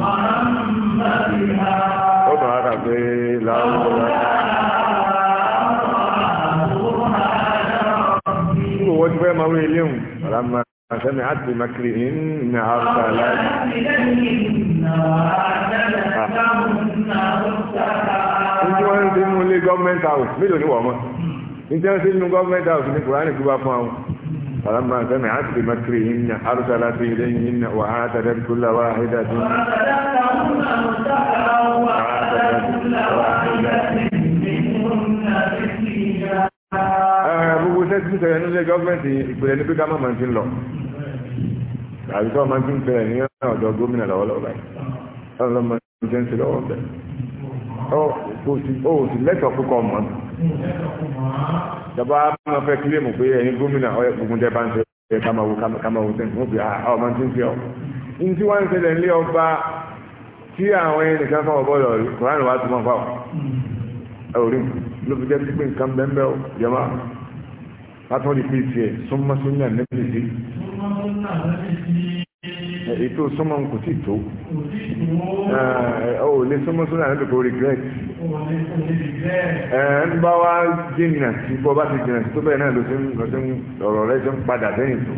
ó tún àgbà pé láwùjọ kúrò wọ́n ti fẹ́ máa wé ilé hùn ọ̀làmà àṣẹ́mi àti makiri ní àṣà láti ní ah. wọ́n ń dín mú lé gọ́ọ̀mẹ́ntà hùn mílò ní wọ́n mọ́ nítorí sí nínú gọ́ọ̀mẹ́ntà òsì ní kùránì tó bá fún àwọn فلما سمعت بمكرهن أرسلت إليهن وآتت كل واحدة gbogbo sẹ́tí ń tẹ̀lẹ̀ nílé gọ́ọ̀mẹ́ntì ìpìlẹ̀ ní pípa mọ́mọ́ ti ń lọ àbí tó máa ti ń tẹ̀lẹ̀ ní ọ̀dọ̀ gómìnà lọ́wọ́lọ́wọ́ dọ̀bọ̀ àwọn fẹ́ kílé mọ̀ pé ẹ̀yin gómìnà ọ̀yẹ́ gbogbo jẹ́ bá ń ṣe ẹ̀ kàmáwó kàmáwó tẹ̀ wọ́n fi àwọn ah, máa ti ń fi ọ́. ní tí wọ́n ń ṣẹlẹ̀ ńlé ọba tí àwọn ẹnìkan kan ọ̀bọ̀ lọ rí kòránì wá tó máa fà wọ́n. ẹ ò rí mu ló fi jẹ́ pípé nǹkan bẹ́ẹ̀ bẹ́ẹ̀ jẹ́mọ́ látọ́ di pé ètò súnmọ́ kò sì tó ọ lè súnmọ́ súnmọ́ àná tó kò regret ẹ̀ ń bá wá jìnnà sí bọ́ bá ti jìnnà sí tó bẹ́ẹ̀ náà ló ti ń ọ̀rọ̀ rẹ̀ ti ń padà sẹ́yìn tó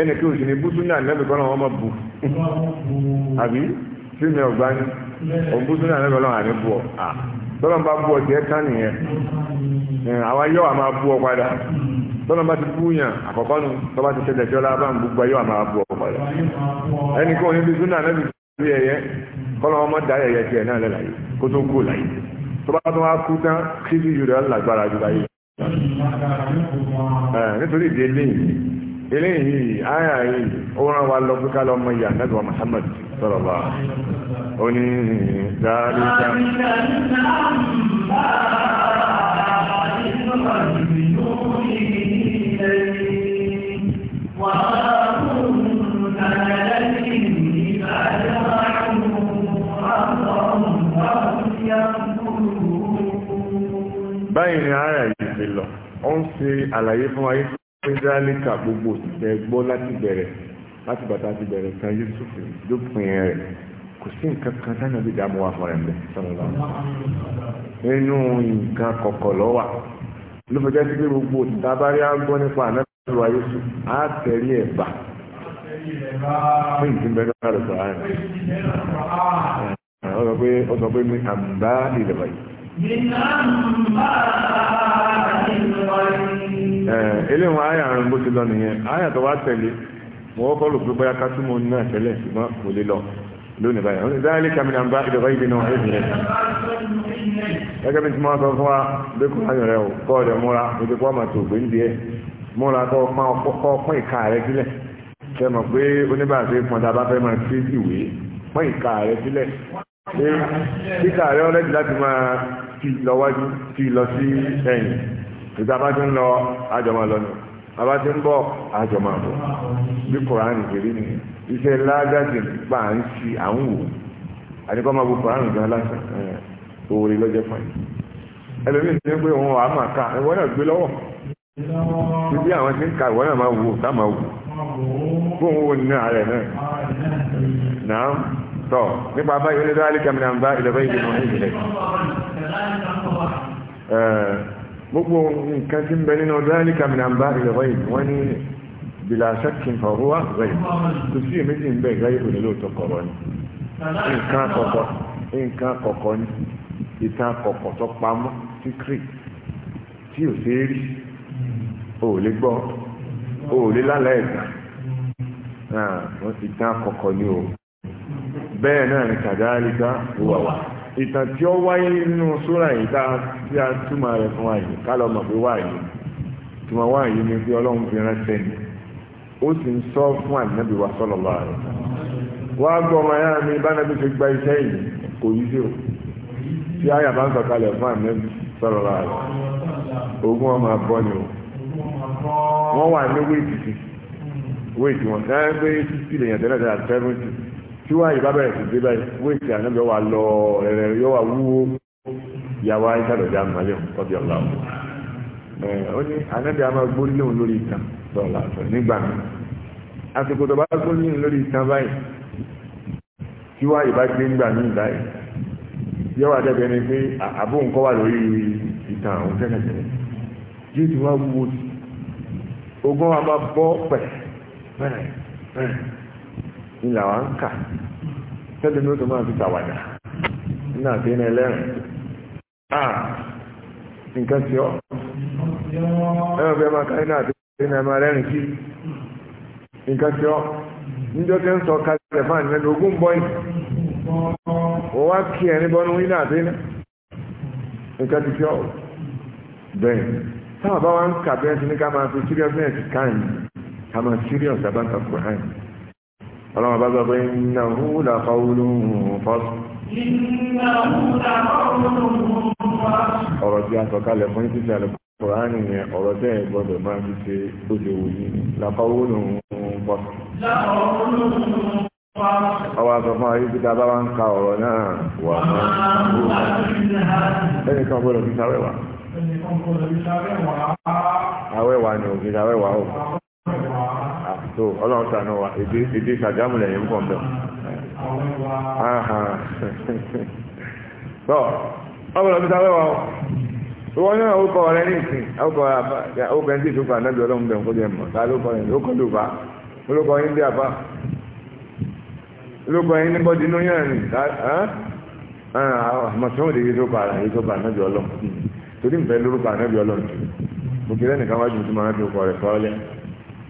ẹnì kí o sì ní bú súnmọ́ àná tó kọ́ náà wọ́n máa bù àbí tí mi ò gbá ní òun bú súnmọ́ àná tó kọ́ náà àní bù ọ́ tọ́lọ́mù bá bú ọ jẹ́ tán nìyẹn àwọn ayé tọ́nà bá ti bú yàn àkọ́kọ́ nu tọ́ bá ti ṣẹlẹ̀ tí ọlá bá ń gbogbo ayé wà máa bú ọkọ̀ rẹ̀ ẹnì kan níbi súnà náà ti rí ẹyẹ kọ́nà ọmọ dá ẹyẹ tiẹ̀ náà lẹ́la yìí kó tó kú láyé tó bá tó wá kú tán kí bí yorùbá lágbára jù láyé. nítorí ìdí eléyìí eléyìí àyà yìí ó rán wa lọ pípa lọ mọ ìyá nàbẹ Muhammad sọ̀rọ̀ bá ó ní dáríta. báyìí ni àyà yìí ti lọ ó ń ṣe àlàyé fún wa israelita gbogbo òṣìṣẹ́ gbọ́ láti bẹ̀rẹ̀ láti bàtà ti bẹ̀rẹ̀ kan yusuf lópin rẹ̀ kò sí nǹkan kan sáyẹn bí dààmú wa fọ̀rẹ̀ mbẹ́ sọ́nà nínú nǹkan kọ̀kọ̀ lọ́wà ló fẹ́ jẹ́ sí pé gbogbo òṣìṣẹ́ abárí á gbọ́ nípa ànábìwá yusuf á tẹ̀lé ẹ̀ bà fún ìdíbẹ̀rẹ̀ àlùkò ààrẹ ọ̀rọ̀ ọ̀sọ̀ pé mi àmbá ìlẹ̀bàyìí. ilé wọn ayà àrùn bó ti lọ nìyẹn ayà tó wá tẹ̀lé wọ́n lù pé bóyá ká ní náà tẹ́lẹ̀ kò lè lọ lónìí báyìí wọ́n ti kàmínà ń bá ìdọ̀gọ́ ibi náà gẹ́gẹ́ bí sọ fún wa bí kò láyọ̀ kọ́ ọ̀dẹ̀ múra ń diẹ múra kọ́ ìka sílẹ̀ mọ̀ pé bá fẹ́ máa fi ìwé pọ́n ìka sílẹ̀ pé títà rẹ ọlẹ́dì láti máa fi lọ wájú fi lọ sí ẹ̀yìn ìgbà bá ti ń lọ àjọmọ lọ ni bàbá ti ń bọ̀ àjọmọ àbọ̀ bí kòránì kiri ni iṣẹ́ ládàjì gbà ń ṣi à ń wò àdìgbọ́ máa bu kòránì gan lásán òwúrẹ́ lọ́jọ́ fún yìí ẹlòmíì ti ń pé òun àá máa ka ìwọ náà gbé lọ́wọ́ ibi àwọn ti ń ka ìwọ náà máa wò tá máa wò fóun wò ní ààrẹ náà tọ́ nípa báyìí ó ní dáálì kẹmìnà ń bá ìlọ́bẹ́ ìdè mọ́ ní ìbílẹ̀ gbogbo nǹkan tí ń bẹ nínú dáálì kẹmìnà ń bá ìlọ́bẹ́ ìdè wọ́n ní bìlà sẹ́kìn fọ̀rọ̀wá rẹ̀ tó sí èméjì ń bẹ gáyé òní lóòótọ́ kọ̀rọ̀ ni nǹkan kọ̀kọ̀ nǹkan kọ̀kọ̀ ni ìtàn kọ̀kọ̀ bẹ́ẹ̀ ni kàdáríkà wà wà ìtàn tí ó wáyé nínú si yìí tá tí a túmọ̀ rẹ̀ fún wa yìí kálọ̀ mọ̀ pé wáyé túmọ̀ wáyé ni pé ọlọ́run fi ránṣẹ́ ni ó sì ń sọ fún ànábì wa gbọ́ ọmọ mi bánábì fi gba iṣẹ́ yìí kò yí sí o tí àyà bá ń fún ànábì tí wáyé bá bẹ̀rẹ̀ sí dé báyìí wéètì ànábì yóò wá lọ rẹ̀ yóò wá wúwo ìyàwó ayétàlọ́jà àmàlẹ́ ọ̀dì ọ̀la ó ní ànábì a máa gbórí lóhun lórí ìtàn lọ́la nígbà mi àsìkò tó bá gbórí lóhun lórí ìtàn báyìí tí wáyé bá gbé nígbà mí báyìí yóò wá dẹ́gbẹ́ ni pé àbó nǹkan wà lórí ìtàn òun tẹ́lẹ̀tẹ́lẹ̀ yóò ti wá wúwo ogun wa máa bọ́ pẹ̀ pẹ̀ pẹ̀ ní làwọn ń kà tẹ́lẹ̀ ní ó máa fi tàwàdà nínú àti ah nǹkan ọ ẹ̀rọ fẹ́ máa ká nínú àti ẹni kí nǹkan ọ níjọ́ tẹ́ ń sọ kalẹ̀ fáàní lẹ́nu ogún bọ́ yìí wá kí ẹni àti ọ bẹ́ẹ̀ táwọn bá wá ń kà ká máa fi káyìn ká máa ọlọ́run bá sọ pé innahu la qawlun fasl ọ̀rọ̀ tí a sọ kalẹ̀ fún títí alùpùránì yẹn ọ̀rọ̀ tẹ́ ẹ̀ gbọ́dọ̀ máa fi ṣe ó lè wò yìí la qawlun fasl ọwọ́ sọ fún ayé títà bá wá ń ka ọ̀rọ̀ náà wà máa ẹnìkan gbọ́dọ̀ fi sáwẹ́wà àwẹ́wà ni òfin àwẹ́wà ó tó ọlọ́run sànú wa èdè èdè sàgámù lẹ́yìn ń pọ̀ ń bẹ̀. tọ́ ọ̀bọ̀lọ̀ mi sáwẹ́ wa o wọ́n náà ó kọ́ ọ̀rẹ́ ní ìsìn ọkọ̀ ọkọ̀ ẹni tí ìtòkọ ànábì ọlọ́run bẹ̀ ń kọ́jú ẹ̀ mọ̀ tá ló kọ́ ẹ̀ ló kọ́ ló bá ló kọ́ yín bí àbá ló kọ́ yín ní bọ́dí inú yẹn ni àmọ̀tún òde yìí tó kọ́ ara yìí tó kọ́ ànábì ọlọ́run torí nfẹ́ lórúkọ ànábì ọlọ́run mo kí lẹ́nìkan wájú tó máa ń fi ọkọ̀ rẹ̀ kọ́ ọ lẹ́yìn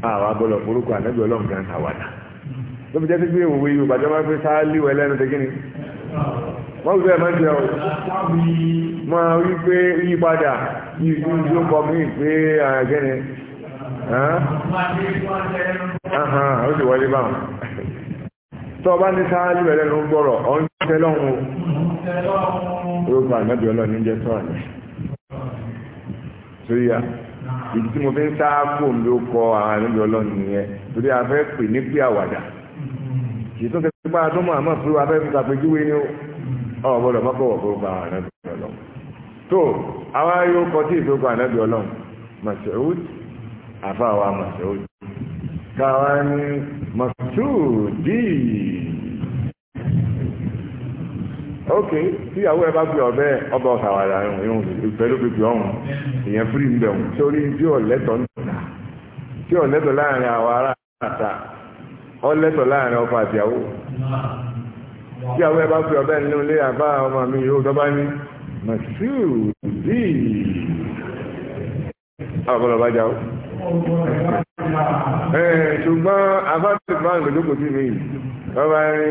àwọn agbọ́lọ̀ forúkọ ànábì ọlọ́run kan sàwádà ló fi jẹ́ sí pé òwe yorùbá jọba pé sáálí wẹ lẹ́nu tẹ́kí ni wọ́n gbé ẹ̀mọ́ jẹ́ ọ̀ máa wí pé yí padà yí ló kọ mí pé àgẹ́ni ó sì wọlé báwọn tó ọba ní sáálí wẹ lẹ́nu gbọ́rọ̀ ọ̀n tẹ́ lọ́hùn orúkọ ànábì ọlọ́run ní jẹ́ sọ́ọ̀nì sóyà ìdí tí mo fi ń sá kó ń ló kọ àwọn àníbi ọlọ́run nìyẹn torí a fẹ́ pè ní pé àwàdà kì í tó kẹ́kẹ́ pé àtọ́mọ̀ àmọ́ pé a fẹ́ fi ṣàpèjúwe ni ó ọ̀bọ̀dọ̀ mọ́kọ̀wọ̀ fún ọba àwọn àníbi ọlọ́run tó àwọn ayé ó kọ tí ìfowópamọ́ àníbi ọlọ́run Mas'ud àfa àwa Mas'ud káwa ní Mas'udi ok tíyàwó ẹ bá fi ọbẹ ọba ọsàwàdà ìhun ìfẹ́ ló fi fi ọhún ìyẹn fúri ń bẹ wọn sórí tí ò lẹ́tọ̀ níta tí ò lẹ́tọ̀ láàrin àwọn ará àta ọ lẹ́tọ̀ láàrin ọkọ àtìyàwó tíyàwó ẹ bá fi ọbẹ nínú ilé àbá ọmọ mi yóò dọ́bá ní masiu bíi ọ̀pọ̀lọpọ̀ ajá o. ṣùgbọ́n afáàtì máa ń lòdókòtì mi bàbá rí.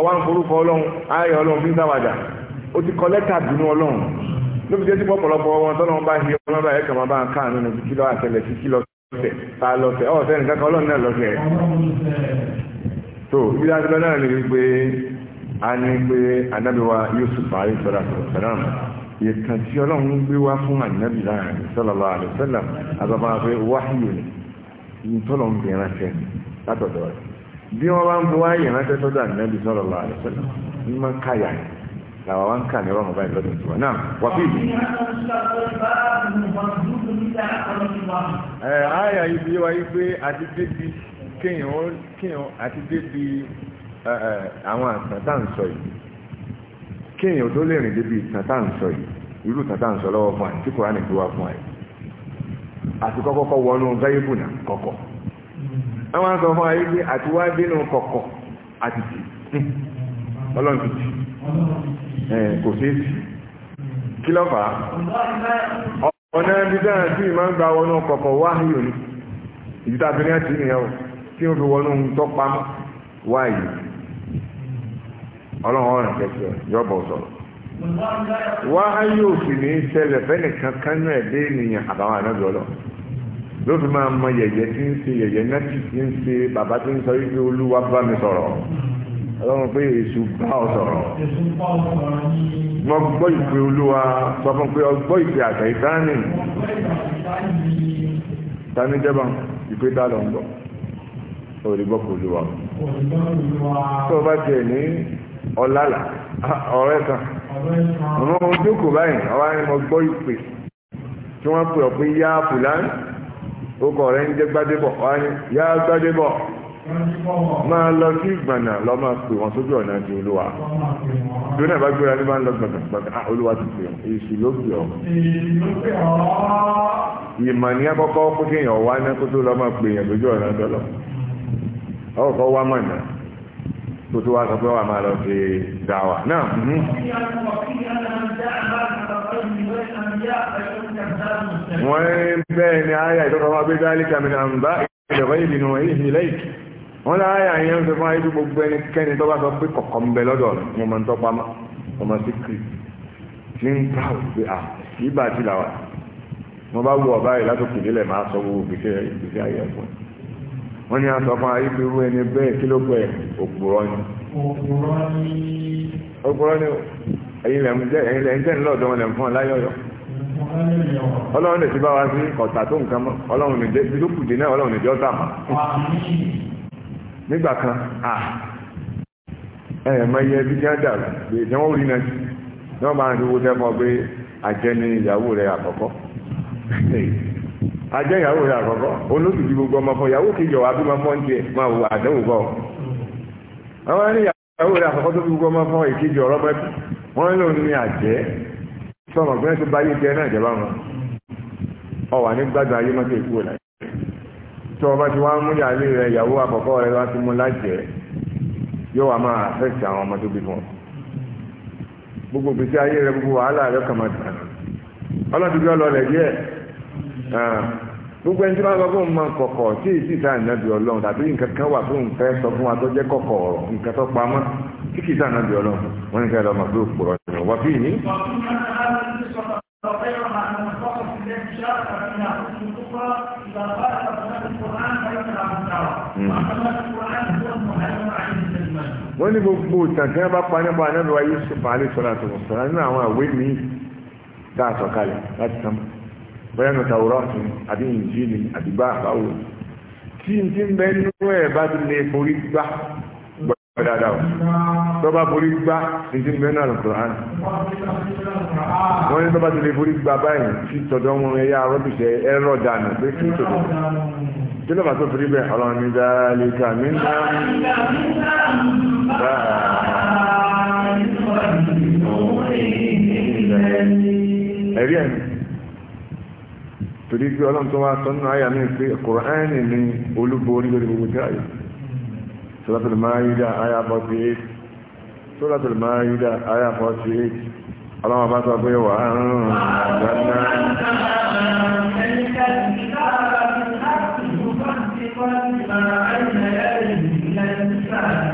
ọwá ń forúkọ ọlọ́run ayọ̀ ọlọ́run fi ń sáwàdà ó ti kọ lẹ́tà dùnú ọlọ́run níbi tí pọ̀pọ̀lọpọ̀ wọn tọ́lọ́run bá ṣe ọlọ́run bá yẹ kàn máa bá ń káàánú ní kíkí lọ́wọ́ àtẹlẹ kíkí lọ́sẹ̀ ta lọ́sẹ̀ ọ̀ sẹ́ni kankan ọlọ́run náà lọ́sẹ̀ tó ibi láti lọ náà ni pé a ní pé anábì wa Yusuf alayhi salatu wa salam ìtàn tí ọlọ́run gbé wá fún anábì láàrin sallallahu alayhi wa sallam àbàbà bí wọ́n bá ń bu wáyé ránṣẹ́ sọ́dọ̀ ànábì sọ̀rọ̀ lọ àlẹ́ sọ́dọ̀ ní máa ń káyà làwọn wá ń kà ní ọ̀rọ̀ mọ̀báyì lọ́dún tiwọn náà wà bí ìlú. ẹ àyà ibi wáyé pé àti débi kéèyàn kéèyàn àti débi àwọn àtàn tá à ń sọ yìí kéèyàn tó lè rìn débi ìtàn tá à ń sọ yìí irú ìtàn tá à ń sọ lọ́wọ́ fún àyè tí kò rán ìgbéwà fún àyè àti kọ́kọ́ kọ́ wọnú gáyébù náà kọ́kọ́. àwọn sọ fún ayé pé àti wá dínú kọ̀kọ̀ àti tì ọlọ́run ti kò sí tì kí fà á gba wọnú kọ̀kọ̀ wá yìí òní ìdí tàbí ní àti o tí ó fi wọnú tó wá yìí ọlọ́run ọ̀ràn kẹsì sọ̀rọ̀ wá ní fẹ́nìkan kánú ẹ̀ dé ènìyàn àbáwọn ló fi máa mọ yẹ̀yẹ́ tí ń ṣe yẹ̀yẹ́ nẹ́tì tí ń ṣe bàbá tí ń sọ wípé olúwa bá mi sọ̀rọ̀ ọlọ́run pé èṣù bá ọ sọ̀rọ̀ mo gbọ́ ìpè olúwa sọ fún pé ọgbọ́ ìpè àtẹ ìdánì tani jẹba ìpè dá lọ ń bọ̀ òrìgbọ́ kò olúwa tó bá tiẹ̀ ní ọ̀làlà ọ̀rẹ́ kan ọmọ ojú kò báyìí ọwọ́ ni mo ìpè tí wọ́n pè ọ pé yá fúlàní. orúkọ rẹ̀ ń jẹ́ ya wá ma yá máa lọ sí ìgbànà lọ máa pè wọn sójú ọ̀nà ti olúwa tó náà bá gbéra ní bá ń lọ gbàgbàgbàgbà á ah, olúwa ti pè wọn èsì ló pè ọ. ìmọ̀ ní akọ́kọ́ kó kéèyàn wá ná kó tó lọ máa pè yàn tó tó wá sọ pé wà máa lọ sí dáwà náà mhm. wọ́n bẹ́ẹ̀ ni ayà ìtọ́kọ̀ wá gbé dálí kàmìnà ń bá ìjọba ìbìnà ìhìn lẹ́yìn wọ́n láyà yẹn sọ fún ayébí gbogbo ẹni kẹ́ni tó bá sọ pé kọ̀kọ́ ń bẹ lọ́dọ̀ wọn máa ń tọ́pa wọ́n ní aṣọ fún ayé fi rú ẹni bẹ́ẹ̀ kí ló pẹ̀ òpùrọ́ ni. òpùrọ́ ni ẹ̀yin lẹ̀ ń jẹ́ ẹ̀yin lẹ̀ ń jẹ́ ńlọ́ọ̀dọ́ wọn lẹ̀ ń fún ọ láyọ̀yọ̀. ọlọ́run lè ti bá wa sí ọ̀tà tó nǹkan mọ́ ọlọ́run lè dé ibi tó kù dé náà ọlọ́run lè jẹ́ ọ̀tà mọ́. nígbà kan à ẹ̀ mọ iye ẹbí tí wọ́n dà pé tí wọ́n rí náà tí wọ́n bá ń dúró tẹ́kọ̀ọ́ pé àjẹni ìyàwó rẹ̀ àkọ́kọ́. ajẹ́ ìyàwó rẹ̀ àkọ́kọ́ olóṣùdì gbogbo ọmọ fún ìyàwó kejì ọ̀wá bímọ fún tiẹ̀ máa wò àdánwò bọ̀ àwọn ní ìyàwó rẹ̀ àkọ́kọ́ tó gbogbo ọmọ fún ìkejì ọ̀rọ̀ mẹ́tì wọ́n lò ní àjẹ́ tó báyé jẹ náà jẹba wọn ọwà ní gbádùn ayé mọ́tò ìkú tó ọba rẹ̀ ìyàwó àkọ́kọ́ rẹ̀ wá mú lájẹ́ yóò ọmọ Ah. gbogbo ẹni tí wọ́n sọ fún ọmọ kọ̀kọ̀ tí èsì sáà nàbì ọlọ́run tàbí nǹkan kan wà fún nǹkan sọ fún wa tó jẹ́ kọ̀kọ̀ ọ̀rọ̀ nǹkan tó pamọ́ tí kì í sáà nàbì ọlọ́run wọ́n ní káyọ̀ ọmọ pé òpùrọ̀ ni wọ́n fi ní. Hmm. wọ́n ní gbogbo ìtàn tí wọ́n bá pa nípa anábìwá Yusuf alẹ́ sọ́lá tó sọ̀rọ̀ nínú àwọn àwé mi dáa sọ̀kalẹ̀ láti sánmọ́ bẹ́ẹ̀nu tàwùrọ́ọ̀tù àbí ìjìnì àdìgbà àbáwò tí n ti ń bẹ nínú ẹ̀ bá ti lè forí gbá gbọ́dọ̀ dáadáa o tó bá forí gbá n ti ń bẹ nínú àlùkùrán wọ́n ní tó bá ti lè forí gbá báyìí tí tọ̀dọ̀ wọn ẹ̀yà rọ́bìṣẹ́ ẹ̀rọ dànù pé kí n tòdò kí ló bá tó bẹ́ẹ̀ ọlọ́run torí pé ọlọ́run tó wá sọ́nà àyà mi pé kùránì ni olúborí lórí gbogbo tí àyè suratul maida àyà 48 suratul maida àyà 48 ọlọ́run bá sọ pé wà á Thank you.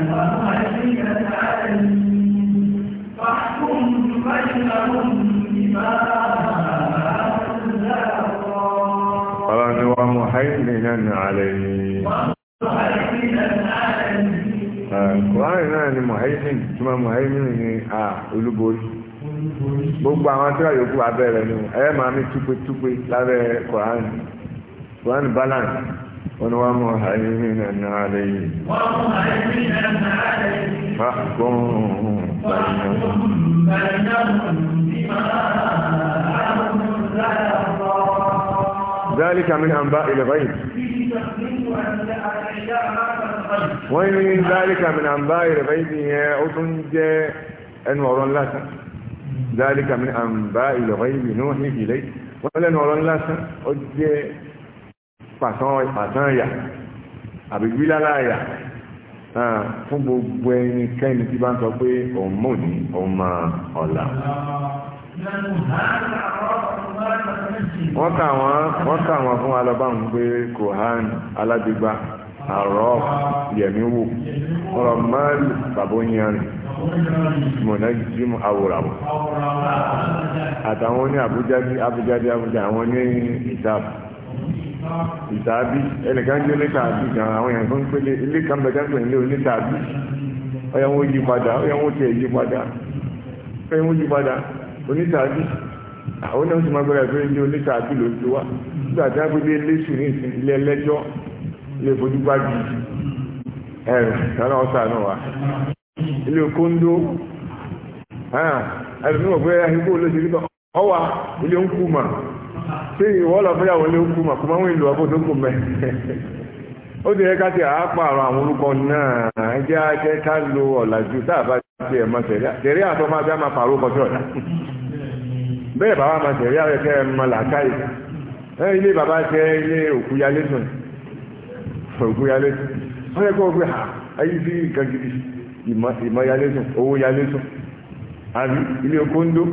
وحينا عليه Kùránì ni Mùhàímìn tí máa ni à olúborí. Gbogbo àwọn tíra yòókù abẹ́rẹ̀ ni ẹ máa mi túpetúpe lábẹ́ Kùránì. Kùránì balance wọn wá Mùhàímìn náà lẹ́yìn. Wọ́n Mùhàímìn náà lẹ́yìn. ذلك من أنباء الغيب wọ́n ní ذلك من أنباء الغيب yẹn ó tún jẹ́ ẹnu ọ̀rọ̀ lásán ذلك من أنباء الغيب نوحيه إليك wọ́n lẹ́nu ọ̀rọ̀ lásán ó jẹ́ pàtàn ẹ̀yà àbí wílálà ẹ̀yà fún gbogbo ẹnikẹ́ni tí bá ń sọ pé òun mọ̀ ní òun máa ọ̀la wọ́n kà wọ́n wọ́n kà wọ́n fún alọ́bàmù pé kohan aládìgbà àrọ́ yẹ̀míwò rọ̀mọ́lù bàbóyìnrin mọ̀nàjímù awòràwò àtàwọn ní àbújáde àbújáde àbújá àwọn ní ìtàbù ìtàbí ẹnìkan jẹ́ onítàbí gan àwọn èèyàn tó ń pélé ilé kan bẹ̀jẹ̀ pé ilé onítàbí ọ̀yẹ̀wò yí padà ọ̀yẹ̀wò tẹ̀ yí padà ọ̀yẹ̀wò yí padà onítàájú àwọn náà sì máa gbọ́dọ̀ pé ilé onítàájú ló ti wá nígbà tí wọ́n gbé lẹ́sùn ní ìsìn ilé ẹlẹ́jọ́ ilé ìfojúgbájú ẹ̀rù sọ́nà ọ̀sán náà wá ilé kóńdó ẹ̀rù ní wọ́n gbé ẹ̀hìnkó ló ti rí bọ́ ọwà ilé ń kú mà tí ìwọ́ lọ fẹ́yàwó ilé ń kú mà kó máa ń lò mẹ́ ó ti pé ẹ̀ máa tẹ̀rí tẹ̀rí àtọ́ máa dá máa pàrọ̀ kọjọ́ ọ̀dá bẹ́ẹ̀ bàbá máa tẹ̀rí àwọn ẹ̀kẹ́ ẹ̀ ẹ̀ ilé bàbá jẹ́ ilé òkúyalé sùn òkúyalé sùn wọ́n yẹ kó o ayé ìmọ̀yalé sùn owó yalé sùn àbí ilé kóńdó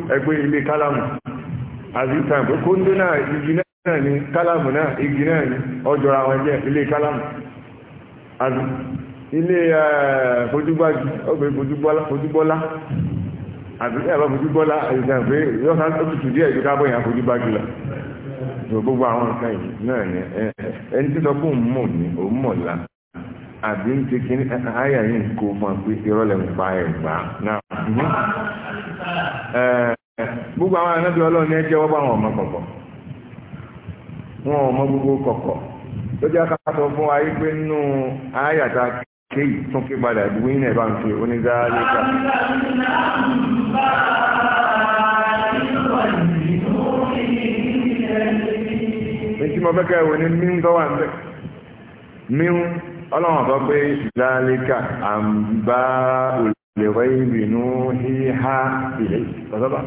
ilé fojúgbájú eh, ọgbẹ̀ fojúgbọ́lá àti ẹ̀rọ fojúgbọ́lá ìgbà yọ́sá tó díẹ̀ ju káàbọ̀ lọ tó gbogbo àwọn nǹkan yìí náà ni ẹni tí sọ mọ̀ ní òun àbí ń kíní yìí kó kéyì tún fi padà ìdúgbò yìí náà bá ń fi onígáàlẹ́gbà ètí mo fẹ́kẹ́ ìwé ní mímú tọ́wà ń bẹ́ mímú ọlọ́wọ́n sọ pé ìdáàlẹ́gà àmbá olùlẹ̀wẹ́ ìbìnú híhá ilẹ̀ ìtọ́sọ́bà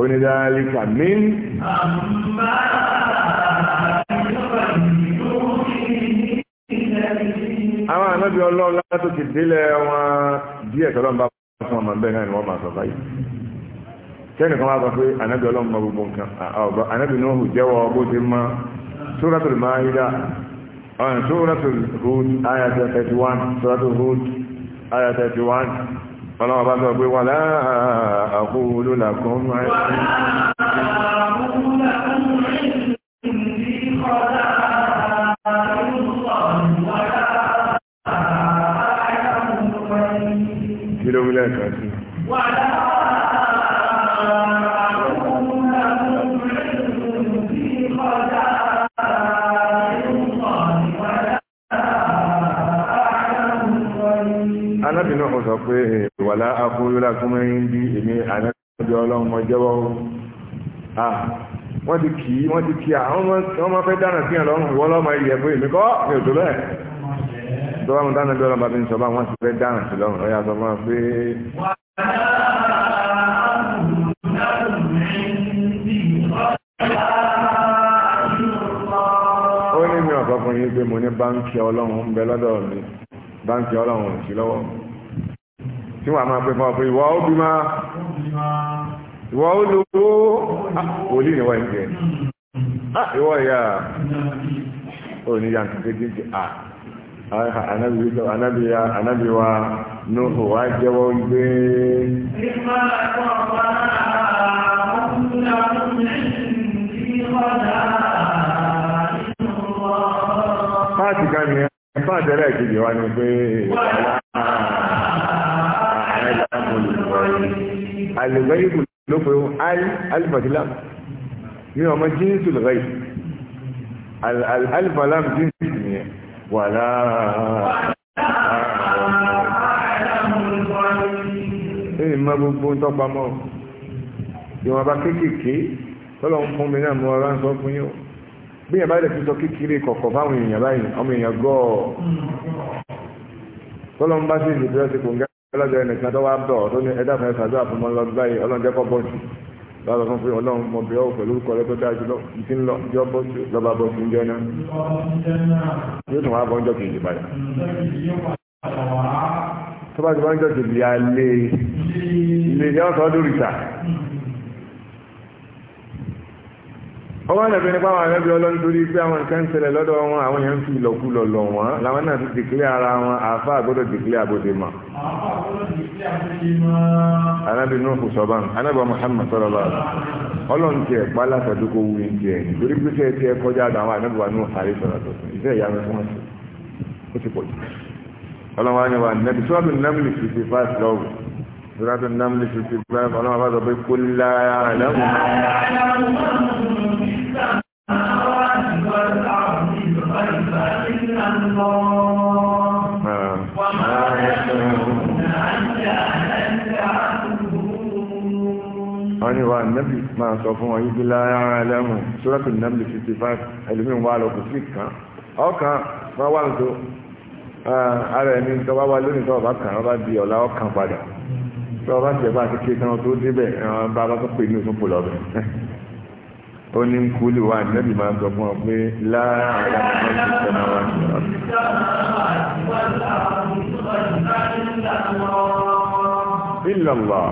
onígáàlẹ́gà mímú àmbá olùlẹ̀wẹ́ ìbìnú àwọn ànábì ọlọ́run látòkè délẹ̀ wọn díẹ̀ tọ́lọ́run bá fún ọmọ bẹ́ẹ̀ náà ni wọ́n máa sọ báyìí kẹ́ni kan wá sọ pé ànábì ọlọ́run mọ gbogbo nǹkan ọ̀bọ ànábì náà hù jẹ́wọ́ bó ti mọ suratul Maida ọ̀n suratul Hud ayat thirty one suratul Hud ayat thirty one ọlọ́run bá sọ pé wà láà àkúrú làkún máa ń Thank you. lẹ́ẹ̀kan sí alábìnà kan sọ pé ìwàlá akúrúlá kúmọ́ yín bí èmi àjọ ọlọ́mọ jẹ́wọ́ wọ́n ti kìí wọ́n ti kìí àwọn ọmọ fẹ́ dára sí ẹ̀lọ́rùn ìwọ́lọ́mọ ìyẹ̀fẹ́ èmi kọ́ mi ò tó bẹ́ẹ̀ tó bá mú dáná bí ọlọ́mọba bí ń sọ bá wọn sì fẹ́ dáná sí lọ́rùn ó yà sọ fún ó ní mi ọ̀sọ́ fún yín pé mo ní báńkì ọlọ́run ń bẹ lọ́dọ̀ mi báńkì ọlọ́run ò sí lọ́wọ́ tí wàá máa pè fún ọ pé ìwà ó bí máa ó lo owó ah, wòlíì ni wọ́n ń jẹ ah, ìwọ ìyá ò yàtọ̀ kéjì jẹ ànábì wa nóhùn wá jẹ́wọ́ ń gbé Fáàtì kan ni ẹ̀fà tẹ́lẹ̀ kìí wá ní pé alìgbẹ́yìbù ló pé alìfàtílám ní ọmọ jíńsù lọ́gbẹ́yì alìfàlám jíńsù wàlá ẹni mọ́ gbogbo ń tọ́pa mọ́ ìwọ̀n bá kéékèèké tọ́lọ̀ ń fún mi náà mọ́ ọ̀rá ń sọ fún yóò bí yẹn bá lè fi sọ kékeré kọ̀kọ̀ fáwọn èèyàn báyìí ọmọ èèyàn gọ́ọ̀ tọ́lọ̀ ń bá sí ìlú tó yẹ ti kò ń gẹ́ lọ́jọ́ ẹnìkan tó wá bọ̀ tó ní ẹ̀dá fẹ́ sàdúrà fún mọ́ lọ báyìí ọlọ́njẹ́kọ̀ bọ́ọ̀sì lọ́dọ̀ fún fún ọlọ́run mọ̀ bí ọ́ pẹ̀lú orúkọ rẹ tó dájú lọ ìsín lọ jọ bọ́ sí lọ́ba bọ́ sí jẹ́ náà yóò tún wá bọ́ ń jọ kejì padà tó bá ti bá ń jọ kejì alẹ́ ilé ìyá ọ̀sán lórí ọwọ́ ẹ̀nà bẹni pàwọn ẹ̀nà bí ọlọ́run torí pé àwọn nǹkan ṣẹlẹ̀ lọ́dọ̀ wọn àwọn èèyàn fi ìlọ̀kú lọ̀lọ̀ wọn làwọn náà ti dìklé ara wọn àáfà gbọ́dọ̀ dìklé àbòdè mọ̀. anábì nù kù sọ báwọn anábì Muhammad sọ̀rọ̀ bá wọn ọlọ́run tiẹ̀ pa látàdó kó wú ní tiẹ̀ torí pé tiẹ̀ tiẹ̀ kọjá àwọn anábì wa nù ni wa nabi máa sọ fún wọn ibi láyára ẹlẹ́mù sórẹ́tù nàbì 55 ẹlùmí wà lọ kò sí kan ọkàn wọn wà nìtò ah, ara ẹni tó bá wà lónìí tó ọba kan ọba di ọ̀la ọkàn padà tó ọba tiẹ̀ bá ti ké kan tó débẹ̀ bá bá tó pè ní òsùn pò lọ́bẹ̀ ó ní ń kú lè wá ànábì máa ń sọ fún ọ pé láàárọ̀ àwọn ọmọ ìṣẹ́ máa wá sí ọ. illallah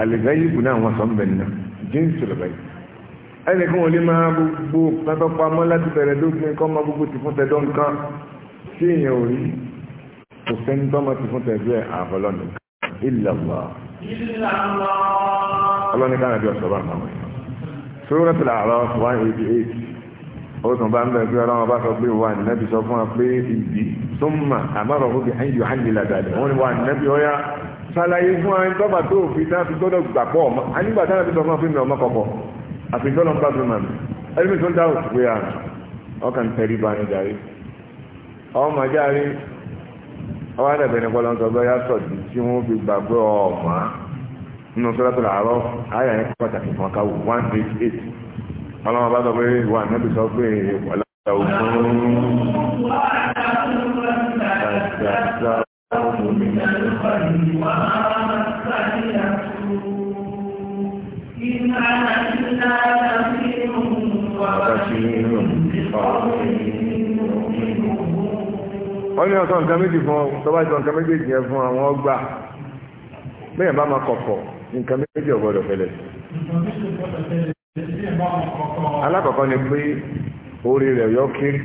àlègáyé ìbùnà àwọn sọ̀nbẹ̀ náà jíǹsì rẹ̀ báyìí ẹnìkan ò lè ti fún tẹ̀dọ́ nǹkan tí èèyàn ò rí kò àwọn èèyàn sórí tó làárọ̀ one eighty eight ó tún bá ń bẹ̀ pé ọlọ́run bá sọ pé wà nẹ́bí sọ fún wa pé ìdí tó ń mà àmọ́rọ̀ ó fi ẹ̀yìn hàn nílà dáadáa wọ́n ní wà nẹ́bí ọ̀yá ṣàlàyé fún wa tọ́ba tó fi tá a fi gbọ́dọ̀ gbà pọ̀ ọmọ anígbà tá a fi sọ fún wa pé mi ọmọ kọ̀kọ̀ àfihàn ọ̀nà pàṣẹ màmí ẹlẹ́mi tó ń dáhùn sí pé ọkàn tẹ̀rí ba ni jàre ọmọ jàre ọwọ́ àdàbẹ̀ni kọ́lọ́ nínú sọ́dọ̀tọ̀ làárọ̀ àyà yẹn pàtàkì fún ọkà one eight eight ọlọ́run bá sọ pé wà níbi sọ pé ọ̀làdà ògùn wọ́n ní ọ̀sán nǹkan méjì fún ọ tọ́wọ́ nǹkan méjì yẹn fún àwọn ọgbà bẹ́ẹ̀ bá máa kọ̀kọ̀ nǹkan méjì ọ̀gbọ́dọ̀ fẹ́lẹ̀ alákọ̀ọ́kọ́ ni pé orí rẹ̀ yọ kiri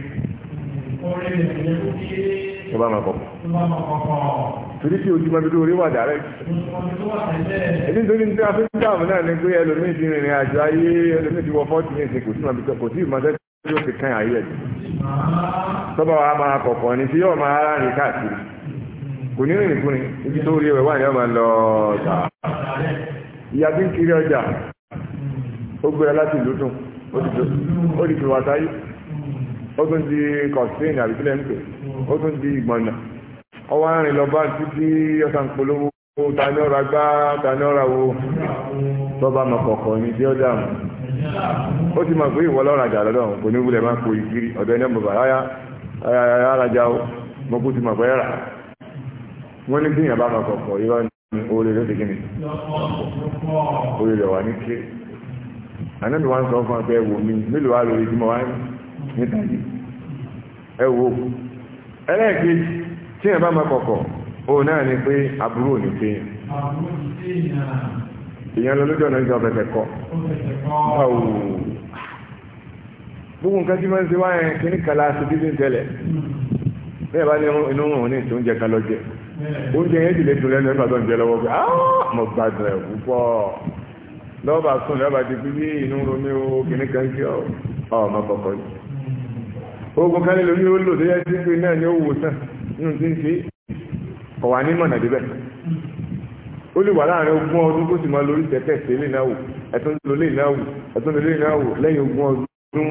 tó bá máa kọ̀kọ̀ torí tí ojúmọ́ tó orí wà dàrẹ́ ẹni tó ní tí a fi ń dáàmú náà ni pé ẹlòmíì ti rìnrìn àjò ayé ẹlòmíì ti wọ fọ́ọ̀tì ní ìsìn kò sí màbí kò sí ìmọ̀tẹ́ tí ó fi kàn ayé ẹ̀ tọ́ba wa máa kọ̀kọ̀ ni tí yóò máa rárìn káàkiri kò ní rìn fún ni ibi tó rí ẹ̀wà ìyá máa lọ ọ̀tà ìyá tí ń kiri ọjà ó gbéra láti ìlú tún ó ti fi wà sáyé ó tún di kọ̀síìn àbí kílẹ̀ ń pè ó tún di ìgbọ̀nà ọwọ́ àárín lọ bá títí ọ̀sán polówó ta ní ọ̀rọ̀ agbá ta ní ọ̀rọ̀ wo bọ́ba mọ̀ kọ̀ọ̀kọ̀ ní tí ó dààmú ó ti mọ̀ pé ìwọ lọ́rọ̀ àjà lọ́dọ̀ wọ́n ní bíyàn bá máa kọ̀kọ̀ irọ́ ní orí ló ti gíní orí rẹ̀ wà ní kí anábì wá ń sọ fún ọgbẹ́ ẹwò mi mélòó wá lórí tí mo wá níta yìí ẹwò ẹlẹ́ẹ̀kejì tí yàn bá máa kọ̀kọ̀ ó náà ni pé aburú ò ní pé èèyàn lọ lójú ọ̀nà ìjọ ọ̀fẹ̀fẹ̀ kọ gbogbo nǹkan tí máa ń ṣe wáyẹn kíníkàlá ṣe dídí tẹ́lẹ̀ hmm. bẹ́ẹ̀ bá ní inú òun ní ìtòúnjẹ kan lọ jẹ oúnjẹ yẹn ti lè dùn lẹ́nu ẹgbàá tó ń jẹ lọ́wọ́ pé ah, mo gbádùn ẹ̀ púpọ̀ lọ́ọ̀bà sùn lọ́ọ̀bà ti fi bí inú romi o kìíní kan sí ọ ọmọ kọ̀ọ̀kọ̀ yìí ogun kan lómi ó lò lóyẹ sí pé náà ni ó wò sàn nínú tí ń ṣe ọ̀wà ní mọ̀nà débẹ̀ ó lè wà láàrin ogún ọdún kó sì máa lórí tẹ́tẹ́ sí ilé náà wò ẹ̀tún lólè náà wò ẹ̀tún lólè náà wò lẹ́yìn ogún ọdún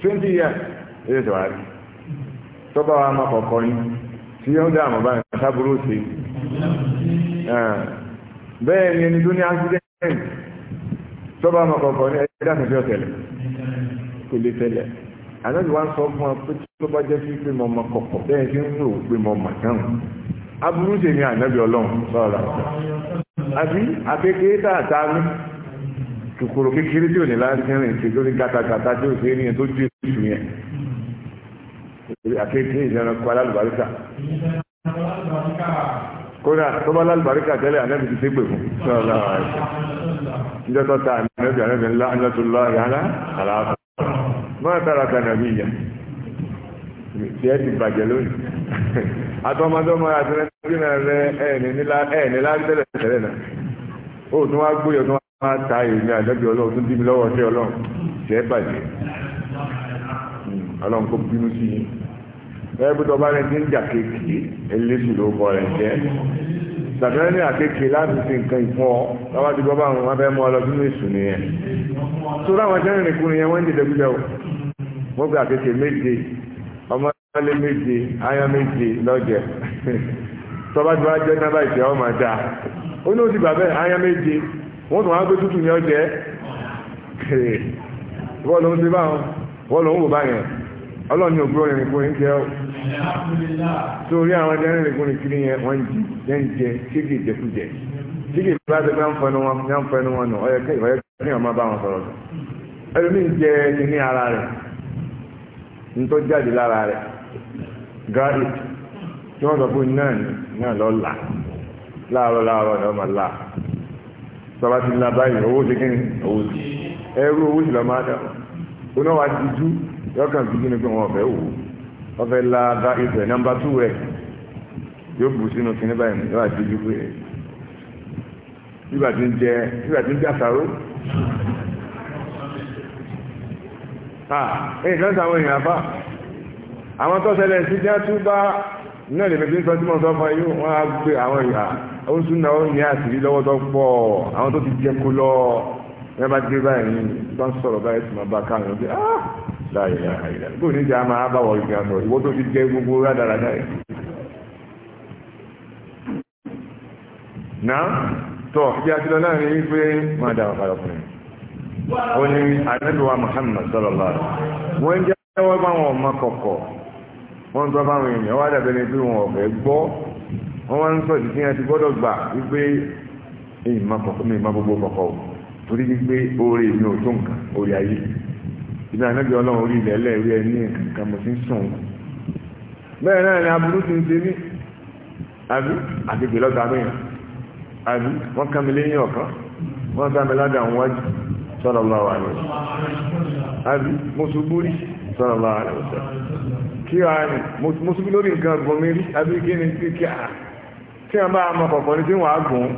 twenty years ilé ìtọ́wárí tọ́ba wa máa kọ̀ọ̀kọ̀ yìí tí ó dààmú báyìí sábúrò sí bẹ́ẹ̀ ni ẹni tó ní accident tó bá ọmọ kọ̀ọ̀kan ní ẹ̀dá tó fi ọ̀tẹ̀lẹ̀ kò lè tẹ̀lẹ̀ àlọ́dì wá sọ fún wa pé tó bá jẹ́ sí pé mo mọ bẹ́ẹ̀ tí ń rò pé mo mà aburú ṣe ni ànábì ọlọ́run sọ̀rọ̀ àti àbí akékeré tààtà mi kòkòrò kékeré tí ò ní láti rìn sí lórí gàtàgàtà tí ò sí ní ẹ̀ tó ju èsù ibi àkéèké ìlànà kọ alálùbáríkà kódà tó bá lálùbáríkà tẹ́lẹ̀ ànábì ti ségbè fún sọ́ọ̀lá àìsàn níjọ́ tó ta ànábì ànábì ńlá ńlọ́tòlá ìhánà àlàáfà máa tààrà kan nàbí ìyá tí ẹ ti bàjẹ́ lónìí àtọmọdọ́mọ àti rẹ́tí náà rẹ ẹ̀ẹ̀ni láti tẹ́lẹ̀ tẹ́lẹ̀ náà ó tún wá gbóyọ̀ tún wá ta èmi ànábì ọlọ́run tún dí mi lọ́wọ́ sí ọlọ́run tí ẹ bàjẹ́ ọlọ́run kó bínú sí yín ẹgbẹ́tọ̀ bá rẹ̀ ti ń jà kéèkì eléṣù ló kọ rẹ̀ jẹ́ tàbí ní àkéèkì láti fi nǹkan ìfún ọ lọ́wọ́ ti gbọ́ bá àwọn ọmọ ẹmọ lọ sínú èṣù nìyẹn tó láwọn jẹ́rìn nìkú nìyẹn wọ́n ń dìde gbígbẹ́ o wọ́n gba àkéèkì méje ọmọ ẹlẹ́ méje aya méje lọ́jẹ̀ tọ́ba tí wọ́n jẹ́ náà báyìí tẹ́ máa dáa ó ní òsì bàbẹ́ aya méje wọ́n tún wá gbé tútù ní ọjẹ́ bọ́ọ̀lù ń ṣe báwọn bọ́ọ̀lù ń wò báyẹn ọlọ́ọ̀ni ògbó rẹ̀ nìkú torí àwọn ẹ̀dẹ́rìn lè kúrin kiri yẹn wọ́n jí jẹ́ǹjẹ kíkì jẹkújẹ kíkì bá ti bá ń fẹnu wọn ní ń fẹnu wọn nù ọyẹ kí ọyẹ kí ọmọ bá wọn sọrọ. sọ jẹ ara rẹ̀ ntọ́ jáde lára rẹ̀ gáàrí tí wọ́n sọ fún náà ní náà lọ là láàárọ̀ ni la. máa là sọba ti ńlá báyìí owó ti kíni owó ti ẹrú owó ti lọ máa dá onáwà ti dú yọkàn fi pé wọn ọfẹ́ la bá ibẹ̀ nọmba tú rẹ̀ yóò bù sínú kíní báyìí ní ìwà àti ìdíjú rẹ̀ nígbà tí ń jẹ nígbà tí ń jẹ àsáró. ẹ̀yìn kan sáwọn èèyàn àbá àwọn tó ṣẹlẹ̀ sí jẹ́ tún bá náà lè fẹ́ sọ tí mo sọ fún ẹ yóò wọ́n á gbé àwọn ìhà ó sún náà ó ní àṣírí lọ́wọ́ tó pọ̀ àwọn tó ti jẹ́ kó lọ ẹ bá dé báyìí tó ń sọ̀rọ̀ báyìí tó máa bá káàrin ó dé ah láàyè láàyè bó ní ìjà máa bá wọ ìgbà sọ ìwọ tó ti jẹ gbogbo rádàrà náà náà tọ bí a ti lọ náà ní wípé máa dà padà fún mi ó ní anábìwá Muhammad sallallahu alaihi wọn jẹ wọn bá wọn ọmọ kọkọ wọn gbọ́ báwọn èèyàn wá dàbẹ ní pé wọn ọbẹ gbọ́ wọn wá ń sọ ìdí yẹn ti gbọ́dọ̀ gbà wípé èyí má gbogbo kọkọ o torí wípé oore mi ò tó nǹkan oore ayé ibi ànábì ọlọ́run orí ilẹ̀ ẹlẹ́ẹ̀rí ẹ nǹkan mo ti ń sùn bẹ́ẹ̀ náà ni aburú ti ń ṣe mí àbí àgbègbè lọ́ta mí àbí wọ́n ká mi léyìn ọ̀kan wọ́n dá mi ládàá ń wájú sallallahu alaihi wasallam àbí mo ṣubú rí sallallahu alaihi wasallam kí wàá ní mo ṣubú lórí nǹkan ọ̀gbọ̀n mi rí àbí kí ni kí kí à tí wọ́n bá mọ ní tí wọ́n á gùn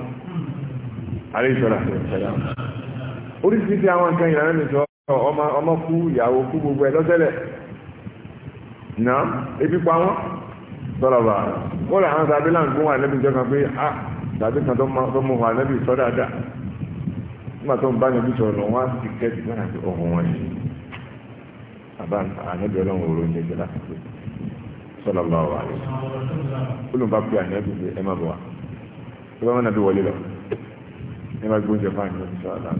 àwọn ọmọ ọmọ kú ìyàwó kú gbogbo ẹ̀ lọ́tẹ́lẹ̀ náà ebi pa wọ́n tọ́lọ̀bà kọ́lá àwọn tàbí láǹgún wà nẹ́bí jẹ́ kan pé a ah, tàbí kan tó mọ̀ wà nẹ́bí sọ dáadáa nígbà tó ń bá nẹ́bí sọ̀rọ̀ lọ́wọ́ á sì kẹ́ẹ̀tì náà àti ọ̀hún wọn yìí àbá ànẹ́bí ọlọ́run òru ní ẹgbẹ́ láti pé tọ́lọ̀bà wà rẹ̀ olùbá pé ànẹ́bí pé ẹ má bọ̀ wá ẹ bá wọn nàbí wọlé lọ ẹ má gbóúnjẹ fáwọn ìjọba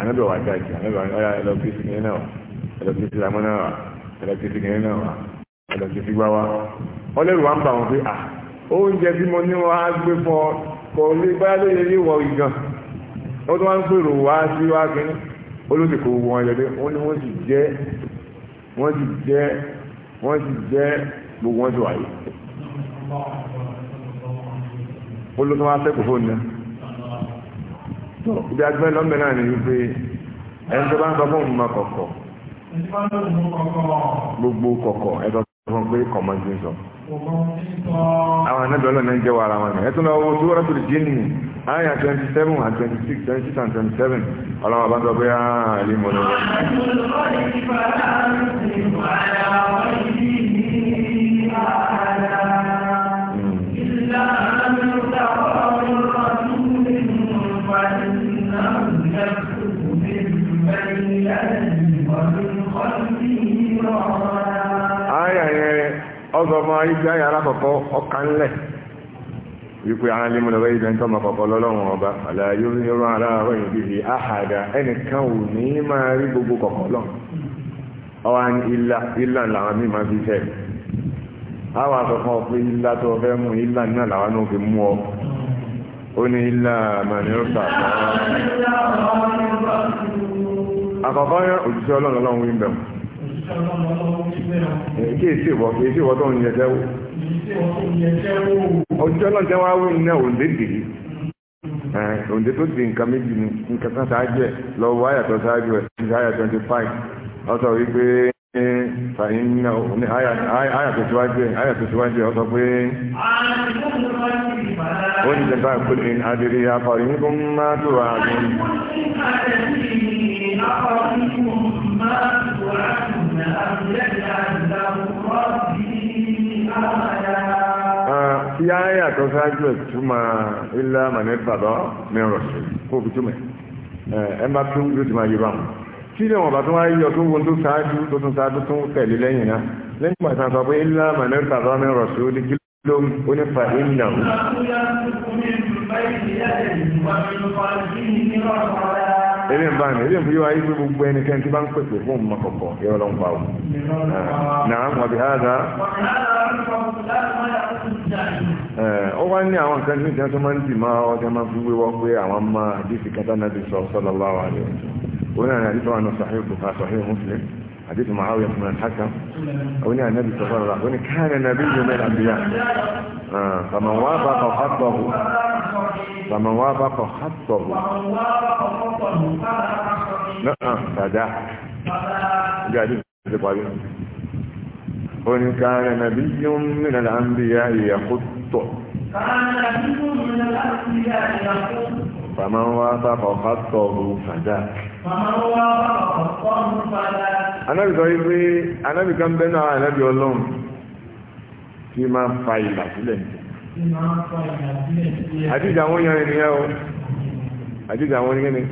anábì ọ̀wà jáde anábì ọ̀yà ẹlọ́fíìsì kìíní náà ẹlọ́fíìsì lamọ́ náà ẹlọ́fíìsì kìíní náà ẹlọ́fíìsì gbáwá ọlẹ́rù wa ń bà wọn pé à oúnjẹ bí mo ní wọn á gbé fọ kọ lé báyá lóye ilé wọ ìgàn ó tún wá ń pèrò wá sí wá kìíní olóde kò wọ ọyọ dé wọn ni wọn sì jẹ wọn sì jẹ wọn sì jẹ gbogbo wọn sì wáyé olóde wọn á fẹ́ kò fóònù náà ibi agbẹ́ lọ́mbẹ̀ náà ni wípé ẹni tó bá ń sọ fún òun mọ kọ̀kọ̀ gbogbo kọ̀kọ̀ ẹ sọ fún pé kọ̀mọ́ ti ń sọ. àwọn anábẹ́ ọlọ́run náà ń jẹ́wọ́ ara wọn ni ẹ tún lọ wo tí wọ́n rẹ́pìlì jí nìyí aya twenty seven and twenty six twenty six and twenty seven ọlọ́run bá sọ pé àlè mọ́ lọ́wọ́. Mm. ọzọ ọmọ ayígbé ayé alákọ̀ọ́kọ́ ọkànlẹ̀ wípé àwọn alẹ́mú lọ́wọ́ ibẹ̀ ń tọ́mọ kọ̀ọ̀kọ́ lọ́lọ́run ọba àlàyé onírọ̀ aláàárọ̀ yìí bíi àhàdà ẹnìkan ò ní máa rí gbogbo kọ̀ọ̀kọ́ lọ ọwọ́ ní ilà ilà làwọn míì máa fi fẹ́ àwọn àkọ́kọ́ pé ilà tó fẹ́ mú ilà náà làwọn náà fi mú ọ ó ní ilà mànírùsà àkọ́kọ́ yẹn òjíṣẹ́ ọlọ́run ọlọ́run wí Èké èsì ìwọ̀ kì í sí tó ń yẹjẹ́ wò. Òjijọ́ náà jẹ́ wá wí ní òǹdè dìrí. Òǹdè tó di nǹkan méjì ni nǹkan kan ṣáájú ẹ̀ lọ wọ àyàtọ̀ ṣáájú ẹ̀ ní àyà twenty five. ọsọ wípé fàyín ní àyà tó ṣíwájú ẹ̀ àyà tó ṣíwájú ẹ̀ wọ́n pé. Ó ní Adìrí Tí a yà tó sáájú ẹ̀ túmọ̀ ilé àmàlẹ́ bàbá mẹ́rọ̀ sí kó fi túmọ̀ ẹ̀ bá tún yóò ti máa yé báwọn. Tí ilé wọn bá tún wá yíyọ tó wọn tó sáájú tó tún sáájú tó tẹ̀lé lẹ́yìn náà. Lẹ́yìn ìgbà tán sọ pé ilé àmàlẹ́ bàbá mẹ́rọ̀ sí ó di kí ló ń onífà ìnáwó ilé ń bá ní ilé ń fi wá yí pé gbogbo ẹnikẹ́ni tí bá ń pèsè fún ọmọ kọ̀kọ̀ yọ lọ ń pa o. náà wọ́n bí háàdá. ó wá ní àwọn nǹkan tí wọ́n máa ń dì máa ọjọ́ máa fi wéwọ́ pé àwọn máa àdìsí kátánà ti sọ sallallahu alaihi wasallam. ó náà ní àdìsí wọn sahih Bukhari sahih Muslim. حديث معاوية بن الحكم وني النبي صلى الله عليه وسلم وني كان نبي من الأنبياء آه. فمن وافق خطه فمن وافق خطه لا نعم، فداح قاعدين البخاري وني كان نبي من الأنبياء يخط كان نبي من الأنبياء يخط فمن وافق خطه فذاك anábì sọ wípé anábì kan bẹ́ẹ̀ náà anábì ọlọ́run tí máa fa ìlà sílẹ̀ àdìjà àwọn èèyàn ènìyàn o àdìjà àwọn oníkẹ́ni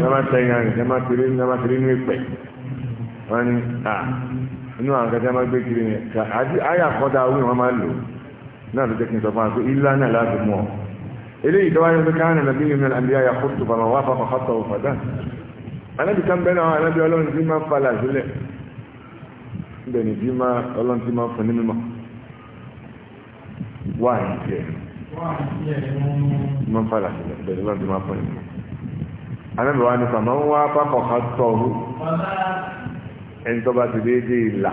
lọ́mà tẹ̀yàn rẹ̀ lọ́mà tẹ̀lé lọ́mà tẹ̀lé ní wọ́n ní inú àwọn akẹ́kẹ́ máa gbé kiri yẹn àyà kọ́dà orí wọn máa lò náà ló jẹ́ kí n sọ fún wa pé láti mú ọ. eléyìí tó wáyé pé káàní nàbí yìí mìíràn àbíyá yà kóòtù bàmà wà fà fàtà òfàdà anábì kan bẹ́ẹ̀ náà anábì ọlọ́run tí máa falà sílẹ̀ níbẹ̀ ni bí máa ọlọ́run tí máa fún ní mímọ́ wà ní tiẹ̀ máa falà sílẹ̀ níbẹ̀ ni ọlọ́run tí máa fún ní mímọ́ anábì wa ni fàmà ń wá fà fàtà òhù ẹni tó bá ti déédéé là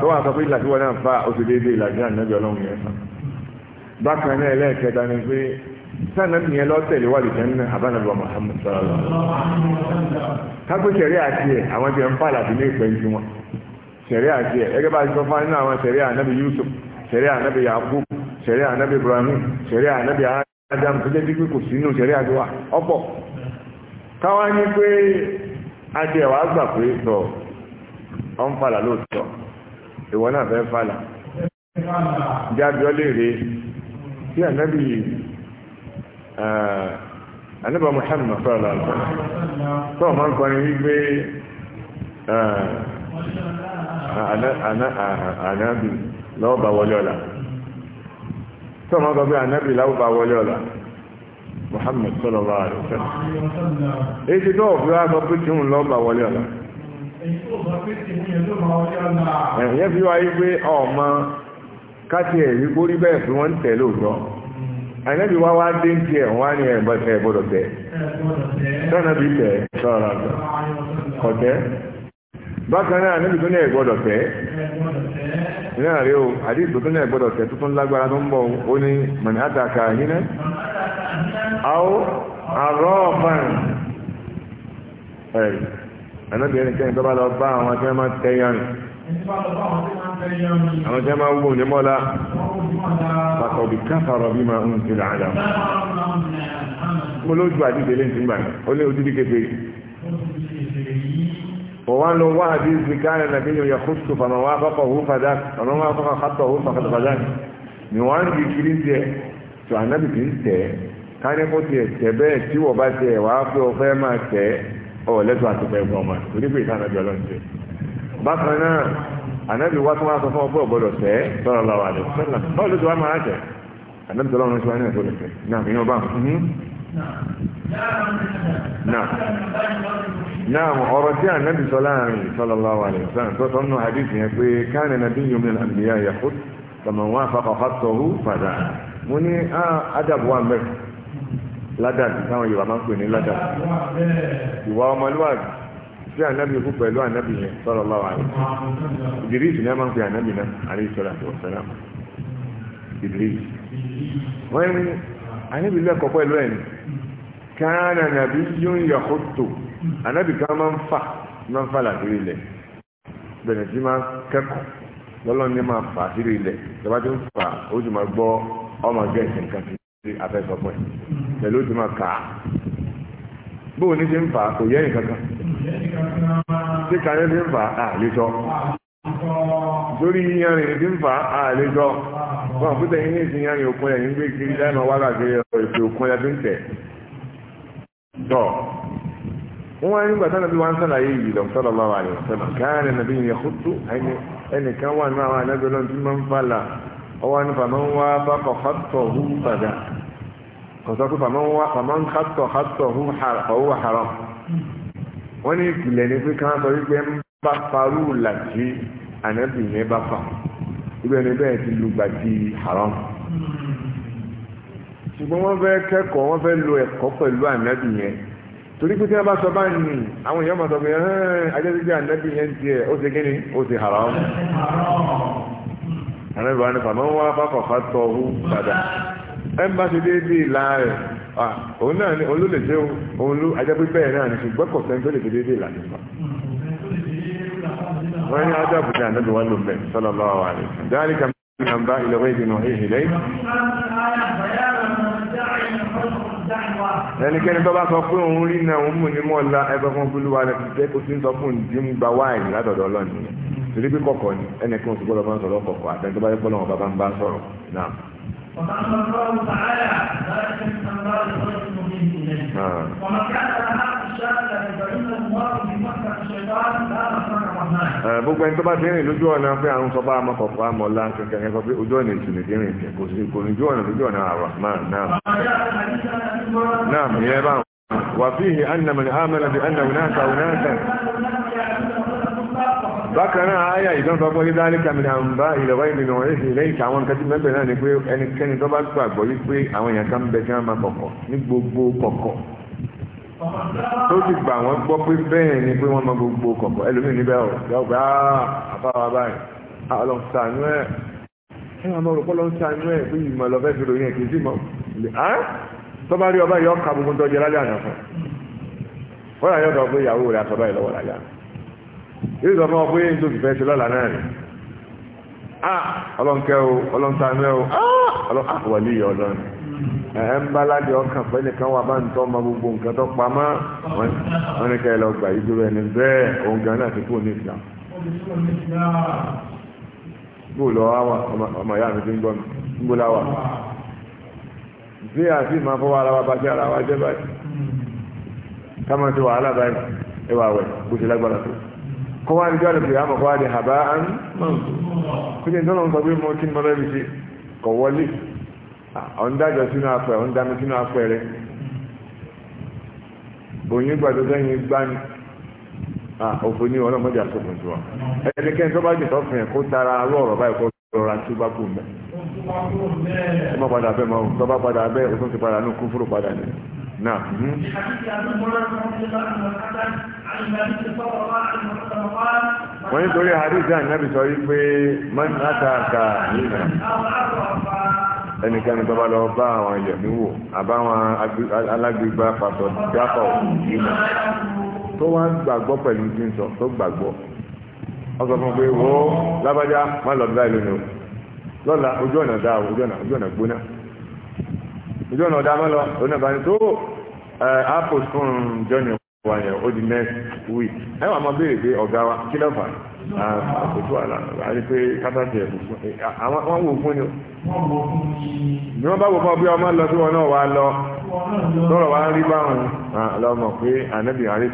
tó wà sọ pé ìlàsí wọn náà fa oṣù déédéé ìlàsí ànábì ọlọ́run yẹn sàn bákan náà ẹlẹ́ẹ̀kẹta ni pé sáà nàbì yẹn lọ́tẹ̀lé wà lè jẹun náà abánàbà Muhammad sọ̀rọ̀ kápẹ́ sẹ̀rí àti ẹ̀ àwọn ti ń pa àlàbí ní ìpẹ́ ju wọn sẹ̀rí àti ẹ̀ ẹgẹ́ bá ti sọ fún wa nínú àwọn sẹ̀rí ànábì Yusuf sẹ̀rí ànábì Yakub sẹ̀rí ànábì Ibrahim sẹ̀rí ànábì Adam tó jẹ́ dípé kò sínú sẹ̀rí àti wa ọ̀pọ̀ káwá ní pé adìẹ wàá gbà pé sọ̀rọ̀ ọ ń falà lóòótọ́ ìwọ náà fẹ́ falà jẹ́ abiọ́ léèrè tí ànábì ànábì Muhammad fẹ́ràn lọ́wọ́ tó o máa ń kọrin wípé ànábì lọ́wọ́ bá wọlé ọ̀la tó o máa ń kọ pé ànábì láwọ́ bá wọlé ọ̀la Muhammad sallallahu alaihi wasallam èyí tí tó o fi tí òun lọ́wọ́ wọlé ọ̀la ẹ̀yẹ́ fi wáyé pé ọmọ káti ẹ̀rí kórí bẹ́ẹ̀ fún wọ́n ń tẹ̀ lóòótọ́ ànábì wá wá dé ń tiẹ̀ wọ́n á ní ẹ̀bọ̀tẹ̀ ẹ̀bọ̀dọ̀ tẹ̀ sọ́nà bí tẹ̀ sọ́ra kọ̀tẹ́ bákan náà ànábì tó ní ẹ̀gbọ́dọ̀ tẹ̀ náà rí o àdìsí tó ní ẹ̀gbọ́dọ̀ tẹ̀ tuntun lágbára tó ń bọ̀ ó ní mọ̀nì àtàkà yín náà àwọ̀ ọ̀fàn anábìrin kẹ́yìn tó bá lọ bá àwọn tí wọ́n máa tẹ yanrìn àwọn tí wọ́n máa wò ní mọ́lá pàtàkì káfàrọ̀ bí máa ń tẹ̀lé àdá mo lójú àdìgbè lẹ́yìn tí ń gbà ní ó lé ojú díkẹ́ pé وقال له واحد كان النبي يخص فما وافقه فذاك فما وافق خطه فقد فذاك نوان دي كرينتي كان يقول تي تبه تي وباتي وافق وفما تي ọ̀ lẹ́tọ̀ àti bẹ́ẹ̀ gbọ́n ọmọ torí pé ìta ànábì ọlọ́run ṣe bákan náà ànábì wá tó wá sọ fún ọgbọ́ ọ̀gbọ́dọ̀ tẹ́ sọ̀rọ̀ lọ́wọ́ àdé sọ́lá báwo ló ti wá máa tẹ̀ ànábì ọlọ́run ṣe wá ní ẹ̀kọ́ lẹ́tẹ̀ náà fi yàn bá mhm. náà ọ̀rọ̀ tí ànábì sọ láàrin sọ́lá lọ́wọ́ àdé sọ́lá tó sọ́nù hadith yẹn pé káàní nàbí yomi àmì yà yà fún tọmọ wọn afakọ̀ fàtọ̀ hù fàdà mo ní ah, adàbọ̀ wà mẹ́rin ládàbí táwọn Yorùbá máa ń pè ní ládàbí ìwà ọmọlúwàbí sí ànábì kú pẹ̀lú ànábì yẹn sọ̀rọ̀ lọ́wọ́ àyè Idris ní a máa ń pè ànábì náà àlẹ́ ìṣọ́ra àti ọ̀sẹ̀rà Idris wọ́n ní ànábì lẹ́kọ̀ọ́ pẹ̀lú ẹ̀ ní káànà nàbí yóò yà kó tó ànábì kan máa ń fà máa ń fà làdúrà ilẹ̀ bẹ̀rẹ̀ sí máa kẹ́kọ̀ọ́ lọ́lọ́ni máa fà sírí ilẹ̀ tọ́ba tó ń fà ó sì máa gbọ́ ọmọ ti afẹ́sọ̀pọ̀ ẹ̀ pẹ̀lú ti máa kà á bóun ní ti ń fà kò yẹ nǹkan kan tí kàyé ti ń fà á lè sọ lórí yanrìn ti ń fà á lè sọ wọn fún tẹ̀yìn ní ìsìn yanrìn òkun ẹ̀yìn gbé kiri dáìmọ̀ wá kàkiri ọ̀rọ̀ ìpè òkun ẹ̀ fi ń tẹ̀ tọ̀ wọ́n wá nígbà tánà bí wọ́n sàlàyé yìí lọ sọ́dọ̀ bá wà lọ sọ́dọ̀ káàrin nàbí yẹn kútu ẹnìkan wà náà wà nábẹ́ lọ́n tí máa ń fà là ọwọ́ ní fàmán wá bá kọ̀ hàtọ̀ hù padà kò sọ pé fàmán hàtọ̀ hàtọ̀ hù ọwọ́ haram wọ́n ní ìpìlẹ̀ ní pé káwọn sọ wípé ń bá parú làjí ànábì yẹn bá fà ibẹ̀ ni bẹ́ẹ̀ ti lu gbàjí haram ṣùgbọ́n wọ́n fẹ́ kẹ́kọ̀ọ́ wọ́n fẹ́ lo ẹ̀kọ́ pẹ̀lú ànábì yẹn torí pé tí wọ́n bá sọ bá ní àwọn èèyàn máa sọ pé ẹ̀hẹ́n ajẹ́sígbé àlẹ́bí wa ní fàmọ́ wọn bá kọ̀ọ̀fà tọ̀ ọ́ padà ẹ̀ ń bá ṣe déédéé ìlà rẹ̀ òun náà ni olú lè ṣe òun lú ajábí bẹ́ẹ̀ náà ni ṣùgbọ́n kò sẹ́ni tó lè ṣe déédéé ìlà nípa. wọ́n ní ajá àbùdá ànábì wa ló bẹ̀ sọ́lọ́ lọ́wọ́ wa rẹ̀ dáríkà mẹ́rin nàmbá ilẹ̀ wẹ́ẹ̀dì ẹnikẹ́ni tó bá sọ pé òun rí náà òun mú ní mọ́ọ̀lá ẹgbẹ́ fún olúwa rẹ̀ pé kò sí ń sọ fún ìdí ń gba wáìnì látọ̀dọ̀ ọlọ́ọ̀ni rẹ̀ torí pé kọ̀kọ̀ ni ẹnìkan òsì gbọ́dọ̀ bá ń sọ̀rọ̀ kọ̀kọ̀ àtẹni tó bá yẹ kọ́ lọ́wọ́ bàbá ń bá sọ̀rọ̀ náà. ومن كان على حق الشاكر فإنه مواطن بمكة الشيطان لا مفر gbogbo ẹni tó bá dérìn lójú ọ̀nà pé àwọn sọ bá a mọ̀kọ̀ fún àmọ́ ọ̀la kankan yẹn sọ pé ojú ọ̀nà ìsìn ìdírìn kò sí kò ní ojú ọ̀nà lójú ọ̀nà àràmán náà náà ìyẹn bá wà fíhì annaman amana bi anna hunaka hunaka bákan náà àyà ìdán sọ pé dídá níka mi àwọn bá ìlọ́wọ́ ìrìnà èsì lẹ́yìn tí àwọn kájú mẹ́bẹ̀ẹ́ náà ni pé ẹnikẹ́ni tó bá gbàgbọ́ yí pé àwọn èèyàn kan bẹ tí wọ́n máa kọ̀kọ̀ ní gbogbo kọ̀kọ̀ tó ti gbà wọ́n gbọ́ pé bẹ́ẹ̀ ni pé wọ́n mọ gbogbo kọ̀kọ̀ ẹlòmíì níbẹ̀ ọ̀ yọ pé àbáwá báyìí ọlọ́sàánú ẹ̀ ẹ máa mọ òrùkọ́ lọ́sàánú ẹ̀ pé ìmọ̀ lọ fẹ́ fi ròyìn ẹ̀ kì í sì mọ̀ tó bá rí ọba yọ ká gbogbo tó jẹ lálẹ́ àná fún wọ́n yà yọ̀dọ̀ pé ìyàwó rẹ̀ àtọ́bá yìí lọ́wọ́ lálẹ́ àná yóò sọ fún ọ pé nítorí fẹ́ ṣe lọ́la náà rẹ̀ ah ọlọ́nkẹ́ o ọlọ́ntàánú ẹ o ah ọlọ́nkẹ́ àwọ̀lì ọlọ́run ẹ̀ ń bá ládìí ọkàn pé nìkan wà bá ń tọ́ ọmọ gbogbo nǹkan tó pamọ́ wọn ní ká ẹ lọ gbà yí dúró ẹni bẹ́ẹ̀ òun gan náà ti kú ní ìsìlá. bó lọ wá wà ọmọ ìyá mi ti ń gbọ́ mi ń bó láwà. bí àti ìmọ̀ fọwọ́ ara wa bá sí ara wa jẹ́ báyìí ká máa ti wàhálà báyìí ẹ wà wẹ̀ bó ṣe lágbára tó kọwa ní jọ́ lẹ́pẹ̀ àmọ̀kọ́ àdì àbá án mọ́ kí tọ́lọ́ ń sọ pé mo kí ni ọ̀ndájọ́ sínú afẹ́ ọ̀ndámi sínú afẹ́ rẹ̀ òyìn gbàdó sẹ́yìn gbani òfò ní ọlọ́mọdé àsopọ̀ tó wa ẹnikẹ́ni tó bá jẹ̀ tọ́fìn kó tara lọ́rọ̀ báyìí kó rọra tó bá kú mẹ́ ẹ má padà bẹ́ẹ̀ bá padà bẹ́ẹ̀ tún ti padà padà ẹnikẹ́ni tó bá lọ bá àwọn ẹ̀yẹ̀mí wò àbáwọn alágbègbè àpapọ̀ dápọ̀ ìmọ̀ tó wá gbàgbọ́ pẹ̀lú tí ń sọ tó gbàgbọ́ ọ sọ fún pé wọ́ lábájá má lọ bá ìlú ni o lọ́la ojú ọ̀nà dá o ojú ọ̀nà ojú ọ̀nà gbóná ojú ọ̀nà dá má lọ ojú ọ̀nà tó apple spoon journey wa yẹn ó di next week ẹ wà máa béèrè pé ọ̀gá wa kí ló fà á àkótó àlà àti pé kátàtì ẹ̀ fún àwọn wọ́n wò fún ni bí wọ́n bá wò fún ọ bí ọmọ lọ sí wọn náà wà lọ sọ̀rọ̀ wá rí báwọn lọ́mọ pé ànábì wọ́n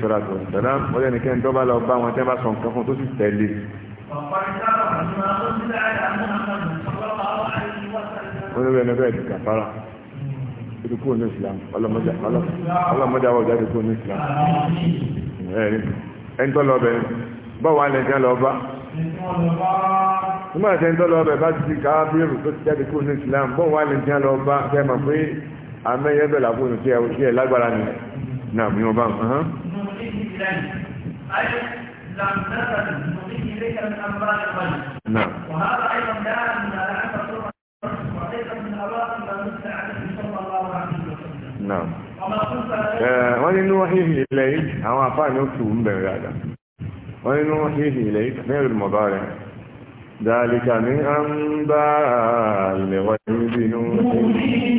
bá lọ bá wọn tí ní Islam ọlọ́mọdé àwọn ọjà ti ní Islam ẹni tó lọ bẹ́ẹ̀ bọ́wà lẹ́jẹ́ lọ bá nígbà tẹ́ ń tọ́ lọ bẹ̀ bá ti di káfíìrù tó ti jáde kó ní Islam bọ́wà lẹ́jẹ́ lọ bá fẹ́ mọ̀ pé amẹ́yẹ bẹ̀ làbó ní kí ẹ kí ẹ lágbára ni náà mi ò bá wọn. نعم وهذا أيضا دال على أن القرآن وكيف من أباء ما نزل عليه صلى الله عليه وسلم نعم وما كنت وأن نوحيه إليه أو أفعل نفسه من بين هذا ونوحيه إليك فعل المضارع ذلك من أنباء الغيب نوحيه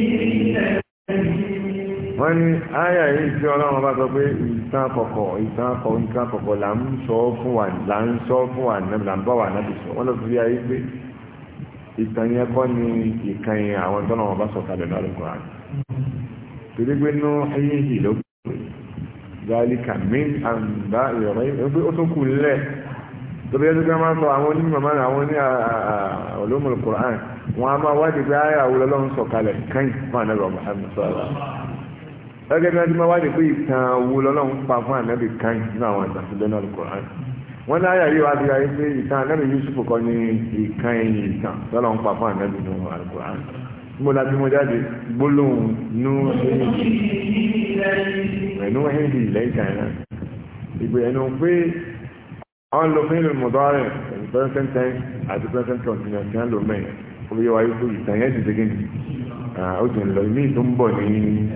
wọ́n ní ayà yìí tí ọlọ́run bá sọ pé ìtàn àkọ́kọ́ ìtàn àkọ́kọ́ ìtàn àkọ́kọ́ là ń sọ fún wa là ń sọ fún wa náà là ń bá wa náà ti sọ wọ́n lọ fi ayé pé ìtàn ni ìkan àwọn tọ́nà wọn bá sọ kalẹ̀ náà lọ́kọ̀ zálíkà min àǹbá ìrọ̀rọ̀ ìpé ó tó kù lẹ̀ tó bí ẹni ká máa sọ àwọn onímọ̀ máa àwọn ní ulumul Qur'an wọn a máa wádìí pé ayé àwòrán lọ́run sọ̀kalẹ̀ kẹ́yìn fún ànábì Muhammad sọ̀rọ̀ gẹ́gẹ́ bí wọ́n ti máa wádìí pé ìtàn wo lọ́run pa fún ànábì kẹ́yìn nínú àwọn àtàkùnlé wọ́n láyà rí wá bíi ayé pé ìtàn ànábì Yusuf kọ́ ní ìkànnì ìtàn lọ́run pa fún ànábì nínú Qur'an mo la bí mo jáde gbólóhùn nú ẹnu ẹ̀hìndì lẹ́yìn náà ìgbé ẹnu pé àwọn lo fún ìlú mọ̀dọ́rẹ̀ present tense àti present continuous ní àlò mẹ́rin ó bí wáyé fún ìtàn yẹn ti ṣe gíní ó ti ń lọ ìmí ń bọ̀ ẹ̀yìn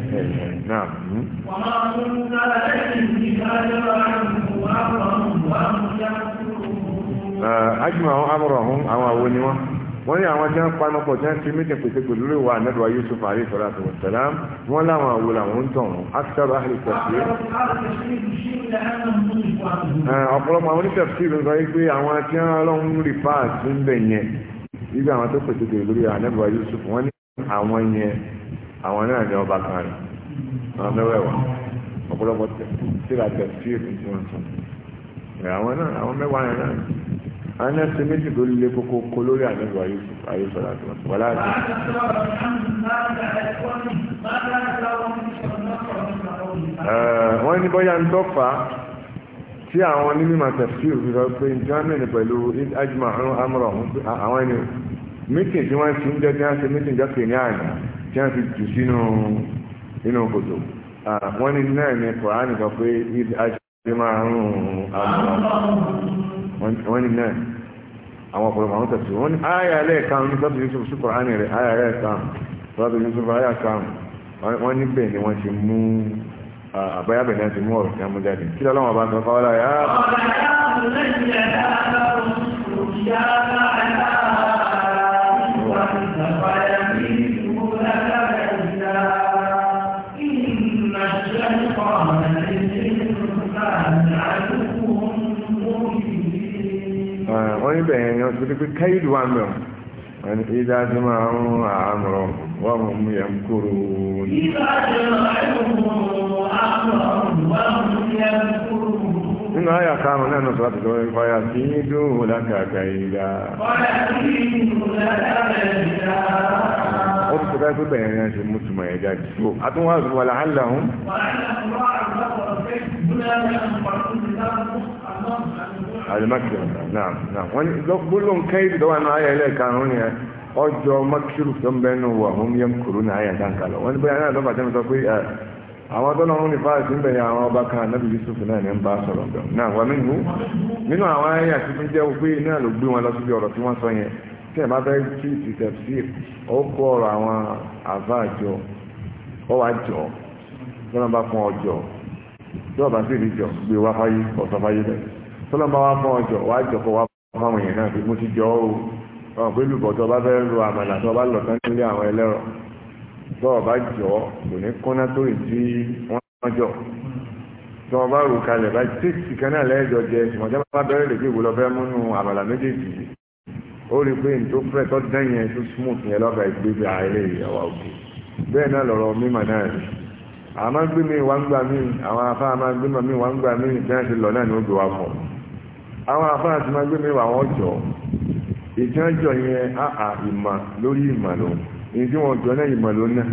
náà. Ajumọ̀ àwọn amúrọ̀ àwọn wọ́n ní àwọn tí wọ́n panu pọ̀ tí wọ́n ti mítìn pèsèpè lórí wa anẹ́dùwà Yusuf alayhi salatu wa salam wọ́n láwọn àwo làwọn ń tàn wọ́n akitaro ahli tafsir. ọ̀pọ̀lọpọ̀ àwọn onítẹ̀sí ló sọ pé àwọn tí wọ́n lọ́n rí páàsì ń bẹ̀ yẹn nígbà àwọn tó pèsèpè lórí anẹ́dùwà Yusuf wọ́n ní àwọn yẹn àwọn náà ní ọba kan rẹ̀ àwọn mẹ́wẹ̀ẹ̀wà ọ̀pọ̀lọpọ̀ tẹ̀ sí ana ti méjì tó lé kókó kó lórí àdébò ayé sọ̀rọ̀ àti wọn. wàlá àti. Eh, wọ́n àwọn onímọ̀ tafsir fi pé germany pẹ̀lú ajma amúrò àwọn ẹni mítìn tí wọ́n ti ń jẹ́ tí wọ́n ti mítìn jẹ́ kìíní àná tí wọ́n ti wọ́n ní náà àwọn ọ̀pọ̀lọpọ̀ àwọn tẹ̀sí wọ́n ní ayà lẹ́ẹ̀kan ní sọ́tù yusuf sí kùránì rẹ̀ ayà lẹ́ẹ̀kan sọ́tù yusuf ayà kan wọ́n ní bẹ́ẹ̀ ni wọ́n ti mú àbáyábẹ̀ náà ti mú ọ̀rọ̀ tí a mú jáde kí lọ́wọ́ bá sọ fáwọ́lá yá. àwọn ibẹ̀ yẹn wọ́n ti pé káyìdù wà mẹ́ wọn wọ́n ní ìdá tí máa ń àmọ̀rọ̀ wọ́n mú mú yẹn kúrò nínú àyà káàmù náà nọ sọ́tọ̀ lórí fọ́yà tí ní dóòwò lákàkà ìdá ó ti sọ́tọ̀ pé bẹ̀rẹ̀ yẹn ṣe mútùmọ̀ ẹ̀ jáde tó àtúnwà wà láhàlà hún. wà á yà alimakiru naam naam wọ́n ní gbólóhùn kẹ́yìn tó wà ní ayé ẹlẹ́ẹ̀karùn-ún yẹn ọjọ́ makiru tó ń bẹ́ẹ̀ nù wà hún yẹn kúrú ní ayé àdáǹkà lọ wọ́n ní bóyá náà lọ́ba tẹ́mi sọ pé àwọn tó lọ́rùn ní fáàsì ń bẹ̀rẹ̀ àwọn ọba kan nábì Yusuf náà ní ń bá sọ̀rọ̀ bẹ̀rù náà wà tọ́lọ́mọ wa fọ́ ọjọ́ wá jọ̀kọ́ wá fáwọn èèyàn náà fi mú ti jọ ó ọ̀ pé lùbọ̀ tó bá fẹ́ ro àmàlà tó bá lọ tán nílé àwọn ẹlẹ́rọ tó o bá jọ kò ní kọ́ná tó ì tí wọ́n jọ tó o bá rò kalẹ̀ bá tíìsì kan náà lẹ́ẹ̀jọ jẹ ìmọ̀jẹ́ bá bẹ̀rẹ̀ lè gbégbó lọ fẹ́ múnú àmàlà méjèèjì ó rí pé ní tó fẹ́ tó dẹ́yìn tó smooth yẹn lọ́gàá ìgbébí ààrẹ ìyàwó òkè mi wá ń gbà mí àwọn afá ti lọ náà ní ó wa fọ̀ àwọn afárá ti máa gbé mẹ́wàá wọn jọ ìjọ́jọ́ yẹn àà ìmọ̀ lórí ìmọ̀ ló ní tí wọ́n jọ náà ìmọ̀ ló náà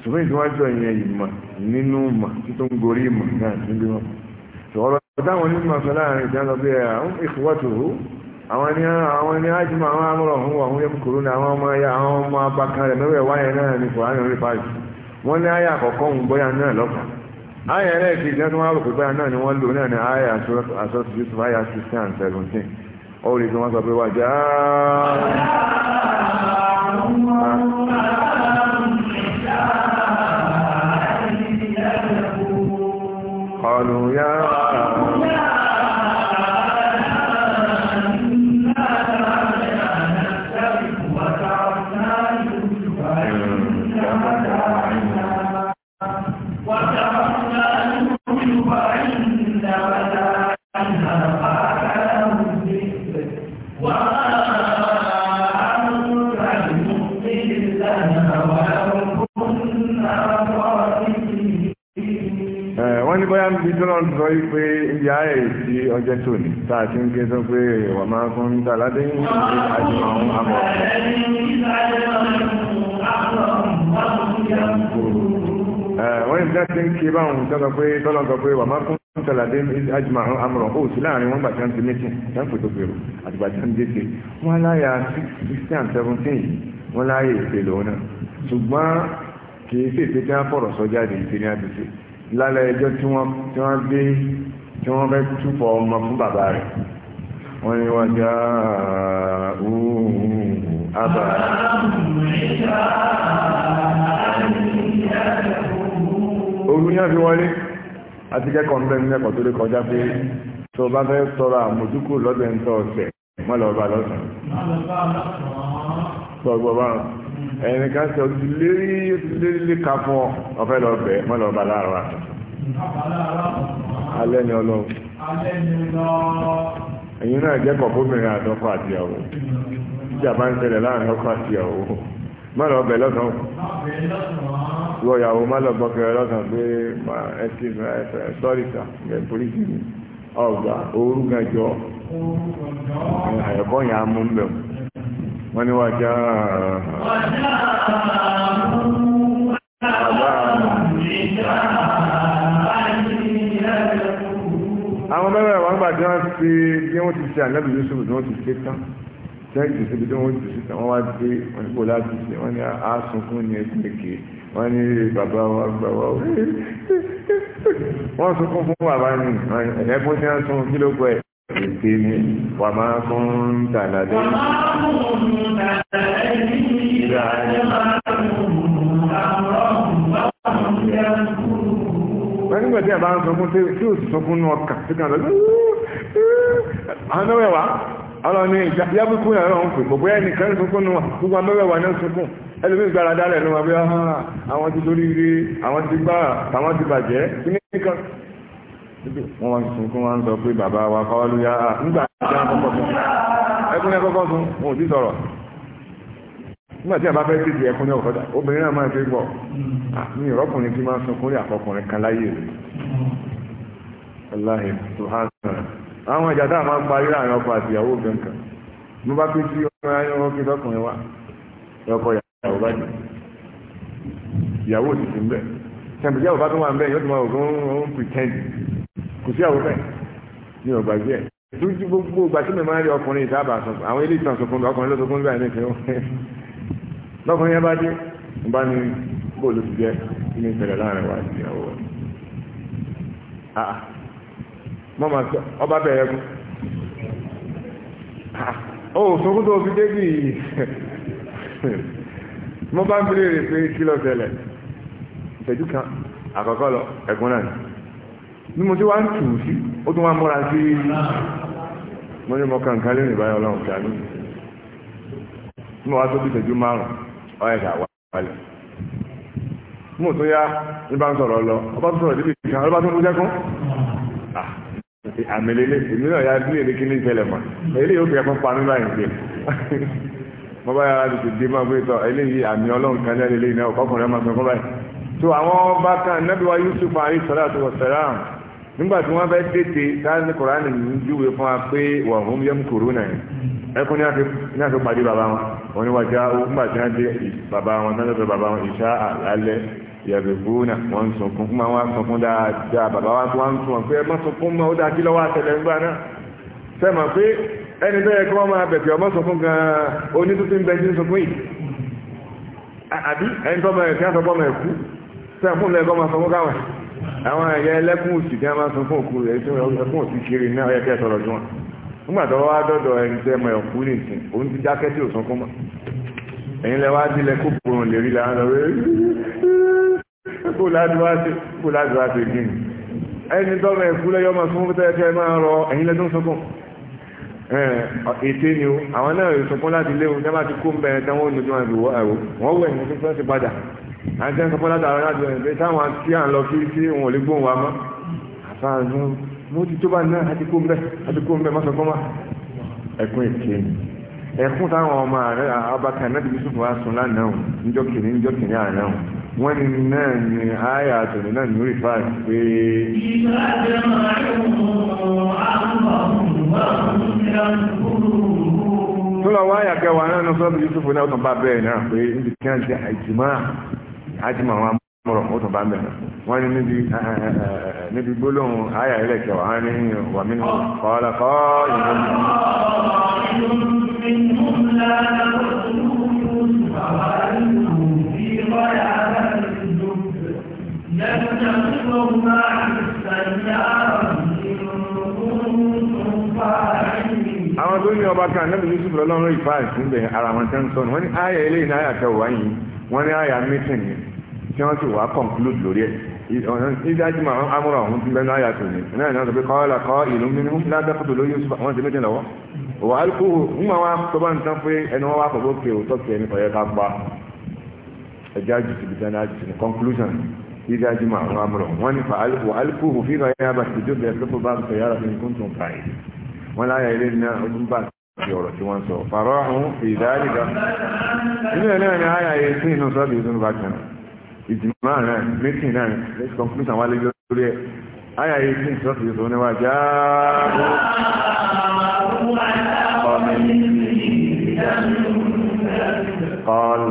ṣùgbọ́n ìdí wọ́n jọ yẹn ìmọ̀ nínú ìmọ̀ títún gorí ìmọ̀ náà níbi wọn. sọ̀rọ̀ táwọn onímọ̀ sọ láàrin ìjà lọ bí ẹ àwọn ìfowópamọ́ tó àwọn ni àwọn ni ájúmọ̀ àwọn amúrọ̀ ọ̀hún wà fún yẹn kúrú ní àwọn ọmọ ẹ̀yà àwọn ọmọ abakan rẹ̀ mẹ́wẹ̀ẹ́ wáyẹn náà ní kòránì orí fáìlì wọ́n ní ayé àkọ́kọ́ òun bóyá náà lọ́kàn àyà rẹ̀ kì í jẹ́ tó wọ́n rò pé náà ni wọ́n lò náà ni àyà àṣọ́tù Yusuf àyà 16 ó rí kí wọ́n sọ pé wájá قالوا يا bóyá ń bí tọ́lọ́n sọ wípé ìyá ẹ̀ sí ọjọ́ tó ní táà tí ń ké sọ pé ìwà máa kún ń tà ládé ní àti máa ń àbọ̀. wọ́n yìí dá sí ń ké báwọn tọ́lọ́ pé tọ́lọ́n sọ pé ìwà máa kún ń tà ládé ní àti máa àmọ̀ràn ó sí láàrin wọn gbàtí wọn ti méjì wọn pè tó pèrò àtìgbà tí wọn dé sí wọn láyà sixteen and seventeen yìí wọn láyà èsè lòun náà ṣùgbọ́n kì í ṣèṣe tí wọ́n fọ̀rọ̀ sọ jáde ìṣe ní àdúgbò lálẹ́ ẹjọ́ tí wọ́n tí wọ́n gbé tí wọ́n fẹ́ túbọ̀ ọmọ fún bàbá rẹ̀ wọ́n ní wọ́n já òun àbá òru ní àfi wọlé àti kẹ́kọ̀ọ́ ń bẹ́ ní ẹ̀kọ́ tó lè kọjá pé tó bá fẹ́ tọrọ àmójúkù lọ́dẹ̀ ń tọ́ ọ̀sẹ̀ mọ́lọ́ọ̀bá lọ́sàn-án ẹnìkan sọ ti lérí lérí lé ka fún ọ ọfẹ lọ bẹ mọ lọ bá láàárọ̀ àtúntò ni ọlọ́run ẹ̀yin náà jẹ́ kọ̀bọ́mìnrin àtọkọ àtìyàwó ń láàrin ọkọ lọ wọ ìyàwó lọ pé polisi ọgbà gàjọ yẹn wọ́n ni wàjá àwọn mẹ́rẹ̀ wọ́n gbà tí wọ́n fi bí wọ́n ti ṣe àlẹ́bì Yusuf tí wọ́n ti ṣe tán tẹ́ẹ̀kì síbi tí wọ́n ti ṣe tán wọ́n wá dé wọ́n nígbò láti ṣe wọ́n ni àásùnkún ní ẹgbẹ́ èké wọ́n ní bàbá wa gbà wá wọ́n sunkún fún bàbá ní ẹ̀ẹ́dẹ́gbọ́n tí wọ́n sun kí ló gbọ́ ẹ̀ ìsinmi wà máa fún tàlàdé wọ́n nígbà tí a bá ń sọ fún tí ó sọ fún ọkà tí kan lọ́dún àwọn mẹ́wẹ̀wá ìjábíkú ẹ̀rọ ń pè gbogbo ẹnìkan ń sunkún wọn ní sunkún ẹlòmí gbára dálẹ̀ ní wọn bí wọ́n wá sun kí wọ́n sọ pé bàbá wa kọ́ọ́lù yá à ah, nígbà tí wọ́n kọ́kọ́ sun ẹkún ẹkọ́kọ́ sun wọn ò sí sọ̀rọ̀ nígbà tí a bá fẹ́ tètè ẹkún ní ọ̀kọ́dà obìnrin náà máa ń fi gbọ́ hmm. ah, ní ìrọ́kùnrin tí máa ń sunkún rí àkọkùnrin kan láyé rẹ̀ aláhì tùhánà àwọn ìjà tá a máa ń parí láàrin ọkọ àti ìyàwó obìnrin kan mo bá pín sí ọmọ ayé wọn kí lọkùnrin wa lọkọ ìyàwó bá dì ìyàwó òsì sí ń bẹ tẹ̀m̀pẹ̀tì ìyàwó bá tó wà ń bẹ yóò tó máa ògùn ó ń pìtẹ́ǹdì kò sí àwọn bẹ́ẹ̀ ní ọgbà díẹ̀ lójú gbogbo ìgbà tí mi máa ń rí ọkùnrin ìtaàbà sọ àwọn ilé ìtàn sọkùnrin ọkùnrin ló sọkùnrin báyìí nìkan lọkùnrin yẹn bá dé ń bá ní bóòlù ti jẹ kí ni ìṣẹ̀lẹ̀ láàrin wa àti ìyàwó wa mọ́ máa sọ ọba bẹ̀rẹ̀ kú ó sọkún tó fi dé bí mo bá ń bèrè pé kí ló ṣẹlẹ̀ ìṣẹ́jú kan àkọ́kọ́ lọ ẹ̀gbọ́n náà ní mo ti wá ń tù ú sí ó tún wá múra sí mo ní mo kàn kán lé nìbáyọ̀ ọlọ́run kí a ní mo wá tó bí ìṣẹ́jú márùn-ún ọ̀yà ìṣà wà wálẹ̀ mo tó yá ní bá ń sọ̀rọ̀ lọ ọba tó sọ̀rọ̀ débi ìṣàn ọba tó ń jẹ́kún àmìlélẹ̀ ah, èmi náà yá bí èrè kíní ìṣẹ̀lẹ̀ mọ̀ èlé yóò fi ẹ̀kọ́ e pa nínú àyìnbí mo bá yára tètè dé máa gbé tọ eléyìí àmì ọlọ́run kan jáde lẹ́yìn náà ọkọ̀kùnrin máa sọ fún báyìí tó àwọn ọba kan nábìwá Yusuf alayhi salatu wa salam nígbà tí wọ́n fẹ́ tètè táàní kòránì ń júwe fún wa pé wà hún yẹ́m kúrú náà ẹkùn ní àfi pàdé bàbá wọn wọn ni wà já ó nígbà tí wọ́n dé bàbá wọn tán lọ́dọ̀ bàbá wọn ìṣá àlálẹ́ yẹ̀bẹ̀ gbóná wọ́n ń sunkún fún wọn sunkún dáadáa bàbá wa tó wọ́n ń sun wọn pé ẹ má sunkún mọ́ ó dáa kí lọ́wọ́ àtẹlẹ ńgbà náà sẹ́mọ̀ pé ẹni bẹ́ẹ̀ kí wọ́n máa bẹ̀bẹ̀ ọmọ sunkún gan-an àwọn ẹ̀yẹ ẹlẹ́kùn òsì tí wọ́n máa sun fún òkú rẹ̀ tí wọ́n ẹkùn òsì kiri náà ẹ̀yẹ kẹ́ sọ̀rọ̀ jùmọ̀ nígbà tó wá dọ́dọ̀ ẹni tẹ́ mọ ẹ̀kú nìsín òun ti dákẹ́ tí ò sọ fún mọ́ ẹ̀yin lẹ wá dílẹ̀ kó kòrò lè rí la lọ rẹ̀ kó láti wá ṣe gíni ẹni tọ́mọ ẹ̀kú lẹ́yọ́ máa fún tẹ́ẹ̀kẹ́ máa rọ ẹ̀yin lẹ́tọ́ sọ́kùn ète ni o àwọn náà ìsọkún láti léwu tẹ́ bá ti kó ń bẹ̀rẹ̀ tẹ́wọ́n ní ojú wọn wẹ̀ ní tó fẹ́ ti padà àti ẹ̀sọ́ pọ́lá tààrà láti ndị táwọn tí à ń lọ kí sí wọn ò wa mọ́ àfáàní mo ti tó bá náà àti kó àti kó mbẹ́ mọ́sọ̀ kọ́ mọ́ ẹ̀kún èké ni ẹ̀kún táwọn ọmọ ààrẹ ọba kanáàdì Yusuf lánàá níjọ́ níjọ́ wọ́n náà àyà náà ní orí fáà pé. Yusufu náà bá bẹ́ẹ̀ náà àti màwọn amúrọ̀ ó tún bá ń bẹ̀rẹ̀ wọ́n ní níbi níbi gbólóhùn àyà ilẹ̀ kẹwàá wọ́n ní wà mí nínú kọ́ọ́lá kọ́ ìlú àwọn tó ní ọba kan náà Yusuf lọ́lọ́run ìfáàsì ń bẹ̀ ara wọn tẹ́ ń sọ wọ́n ní àyà ilé ìnáyà kẹwàá yìí wọ́n ní àyà mítìn yìí tí wọ́n sì wá conclude lórí ẹ̀ ìdájú ma amúra ọ̀hún ti bẹ́ẹ̀ náà yàtọ̀ ní náà náà tọ́pẹ́ kọ́ọ́lá kọ́ ìlú mímú lábẹ́kọ̀tọ̀ lórí wọ́n ti méjìlá wọ́n wà á kú ń ma wá tó bá ń tán pé ẹni wọ́n wá pọ̀ bókè òótọ́ kí ẹni ọ̀yẹ́ ká pa ti bìtẹ́ náà ní conclusion ìdájú ma amúra wọ́n ní wà á kú fi ràn yá bá ti jó bẹ̀rẹ̀ pé bá sọ yára fi kún tún ká yìí wọ́n láyà ilé ní tí wọ́n sọ fàrọ̀ ọ̀hún ìdáríga nínú náà ni àyà yìí sí inú sọ́ọ̀bì ìdúnú bá kan ìjìmọ̀ náà mítìn náà let's conclude àwọn àlejò lórí ẹ̀ àyà yìí tí ìṣọ́ ti sọ níwá já قال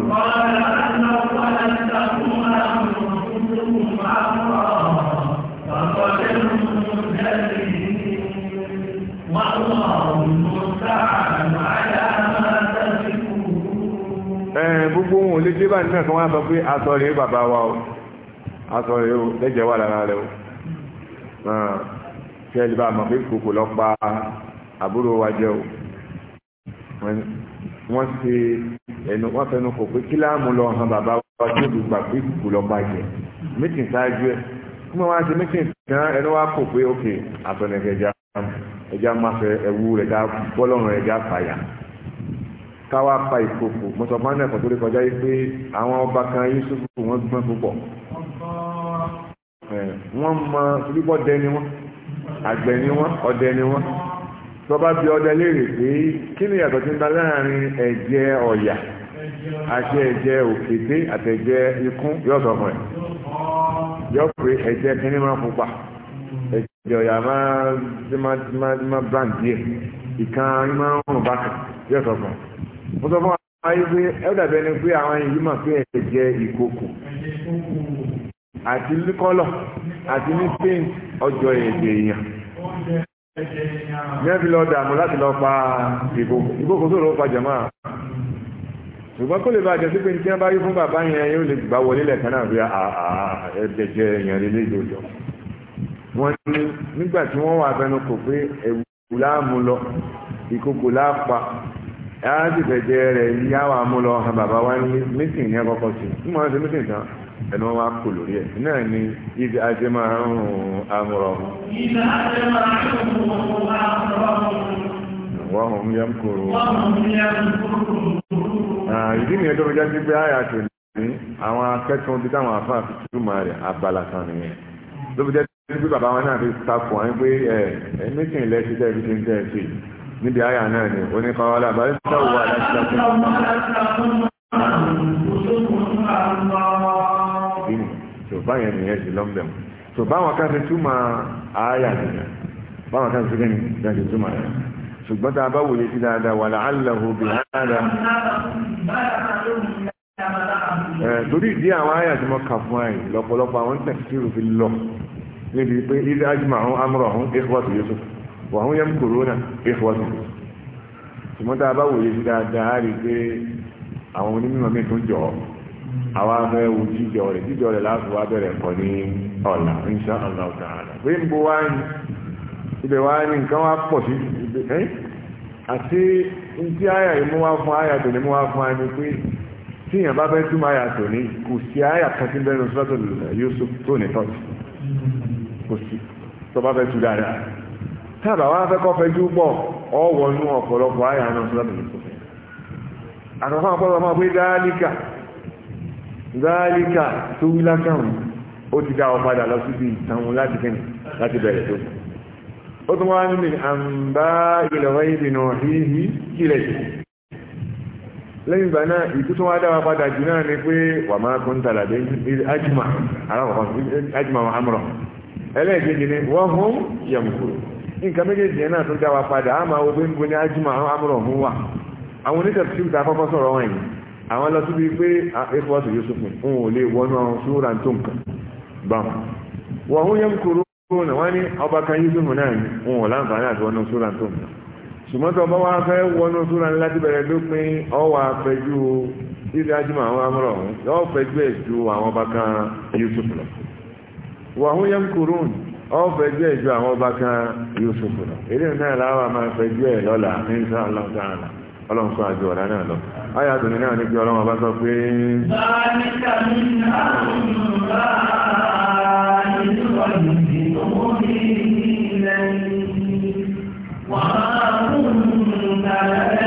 والله المستعان على ما gbogbo wọn ò lè dé báyìí náà kan wá sọ pé aṣọ rèé bàbá wa o aṣọ rèé o lẹ́jẹ̀ wà lára rẹ o kí ẹ lè bá a mọ̀ pé kòkò lọ pa àbúrò wa jẹ́ o wọ́n ṣe ẹnu wọ́n fẹnu kò pé kí láàmú lọ hàn bàbá wa tó lù gbà pé kòkò lọ pa jẹ mítìn ṣáájú ẹ kí wọ́n wá ṣe mítìn tán ẹnu wa kò pé òkè àtọ̀nẹ̀kẹ̀ ẹja máa fẹ ẹwú rẹ̀ dá bọ́lọ́run rẹ̀ dá fàyà káwá pa ìkòkò mọ̀tọ̀fánà ẹ̀kọ́ tó lè kọjá yìí pé àwọn ọba kan Yúsúfù wọ́n gbọ́n púpọ̀ wọ́n mọ púpọ̀ dẹ ni wọ́n àgbẹ̀ ni wọ́n ọdẹ ni wọ́n tó bá bi ọdẹ léèrè pé kí ni yàtọ̀ tí ń bá láàrin ẹ̀jẹ̀ ọ̀yà àti ẹ̀jẹ̀ òkété àtẹ̀jẹ̀ ikún yóò sọ fún ẹ̀ yóò pé ẹ̀jẹ̀ kínní máa pupa ẹ̀jẹ̀ ọ̀yà máa máa máa brand díẹ̀ ìkan máa ń rùn bákan yóò sọ fún ẹ̀ mo sọ fún ayé pé ẹ̀dàbẹ̀ ni pé àwọn yìí mọ̀ pé ẹ̀ jẹ́ ìkòkò àti kọ́lọ̀ àti ní spain ọjọ́ èdè èèyàn mẹ́bí lọ dààmú láti lọ pa ìkòkò ìkòkò tó lọ pa jàmá ṣùgbọ́n kó lè bá jẹ́ sípé tí wọ́n bá rí fún bàbá yẹn yóò lè gbà wọlé lẹ̀kan náà bí ẹ̀ẹ́dẹ̀jẹ̀ èèyàn lélẹ́ ìjọjọ́ wọ́n ní nígbà tí wọ́n wà fẹnu pé ẹ̀wù láàmú lọ ìkòkò láàpa e ti fẹ̀jẹ̀ rẹ̀ yá wa mú lọ han bàbá wa ní mítìn ní ọkọ̀ sí i mú wọn ṣe mítìn tán ẹnu wa lórí náà ni ibi ajé máa ń rún ibi ajé máa ń rún wọ́n hùn kúrò. wọ́n hùn kúrò. ìdí nìyẹn tó fi àyà tó ní àwọn akẹ́kọ̀ọ́ táwọn fi túmọ̀ rẹ̀ abala kan bàbá náà fi níbi àyà náà ni oníkọwàlá bàrí sọ́wọ́ aláṣẹ́lẹ́kùn so báwọn kan ti túmọ̀ àyà nìyà báwọn kan ti gẹ́ni dájú túmọ̀ àyà ṣùgbọ́n tá a bá wòye sí dáadáa wà láàlàhù bí hádà torí ìdí àwọn àyà tí mo kà fún àyè lọ́pọ̀lọpọ̀ àwọn tẹ̀síìrù fi lọ níbi pé ilé ajímọ̀ àwọn amúrọ̀ wàhún yẹn kòrò náà ìfọ̀sùn ṣùgbọ́n tá a bá wòye sí dáadáa rí pé àwọn onímọ̀ mi tún jọ àwa fẹ́ wo jíjọ rẹ̀ jíjọ rẹ̀ láti wá bẹ̀rẹ̀ kọ́ ní ọ̀la insha Allah ta'ala pé ń bo wá ní ibẹ̀ wá ní nǹkan wá pọ̀ sí ibẹ̀ àti ntí àyà yìí mú wá fún àyà tó ní mú wá fún àyà pé tí èèyàn bá fẹ́ túmọ̀ àyà tó ní kò sí àyà kan tí bẹ́ẹ̀ lọ sọ́tò Yusuf tó ní tọ́jú kò sí tó bá fẹ́ tú dáadáa. tábà wá fẹ́ kọ́ fẹjú pọ̀ ọwọ́ inú ọ̀pọ̀lọpọ̀ ayà náà sọ́dọ̀ ní kòfẹ́ àkọ́kọ́ ọ̀pọ̀lọpọ̀ máa pé dáálíkà dáálíkà tó wí lákàrùn ó ti dá ọ lọ síbi ìtàwọn láti kẹ́ni láti bẹ̀rẹ̀ tó ó tún wá àmbá híhí kílẹ̀ lẹ́yìn ìgbà náà tó wá dá wa padà jù náà ni pé wà máa kún ajima aláwọ̀ ajima wa amúrọ̀ ẹlẹ́ẹ̀kejì ni wọ́n nǹkan méjèèjì yẹn náà tó dá wa padà á máa wo pé níbo ni ájúmọ̀ àwọn amúrọ̀ ọ̀hún wà àwọn oníṣẹ́ tí ìta kọ́kọ́ sọ̀rọ̀ wọn yìí àwọn lọ síbi pé epo ọ̀sẹ̀ yóò sópin òun ò lè wọnú àwọn sóra tó nǹkan bá wọn. wọ́n hún yẹn kúrò náà wọ́n ní ọba kan Yúsúfù náà ni òun ò láǹfààní àti wọnú sóra tó nǹkan. ṣùgbọ́n tó bá fẹ́ wọnú sóra ńlá ti bẹ̀rẹ̀ lópin ọwọ́ afẹ́jú ilé ajímọ̀ àwọn amúrọ̀ ọ̀hún yóò fẹ́jú ẹ̀ ju àwọn ọba kan Yúsúfù lọ. wọ́n hún yẹn kúrò náà ọ fẹjọ́ ẹjọ́ àwọn ọba kan Yusuf lọ èdè náà láwà máa fẹjọ́ ẹ lọ́la ní sọ ọlọ́nkàrà ọlọ́nkọ àjọ ọ̀la náà lọ ayé àtòní náà ní kí ọlọ́wọ́n bá sọ pé. وما كنت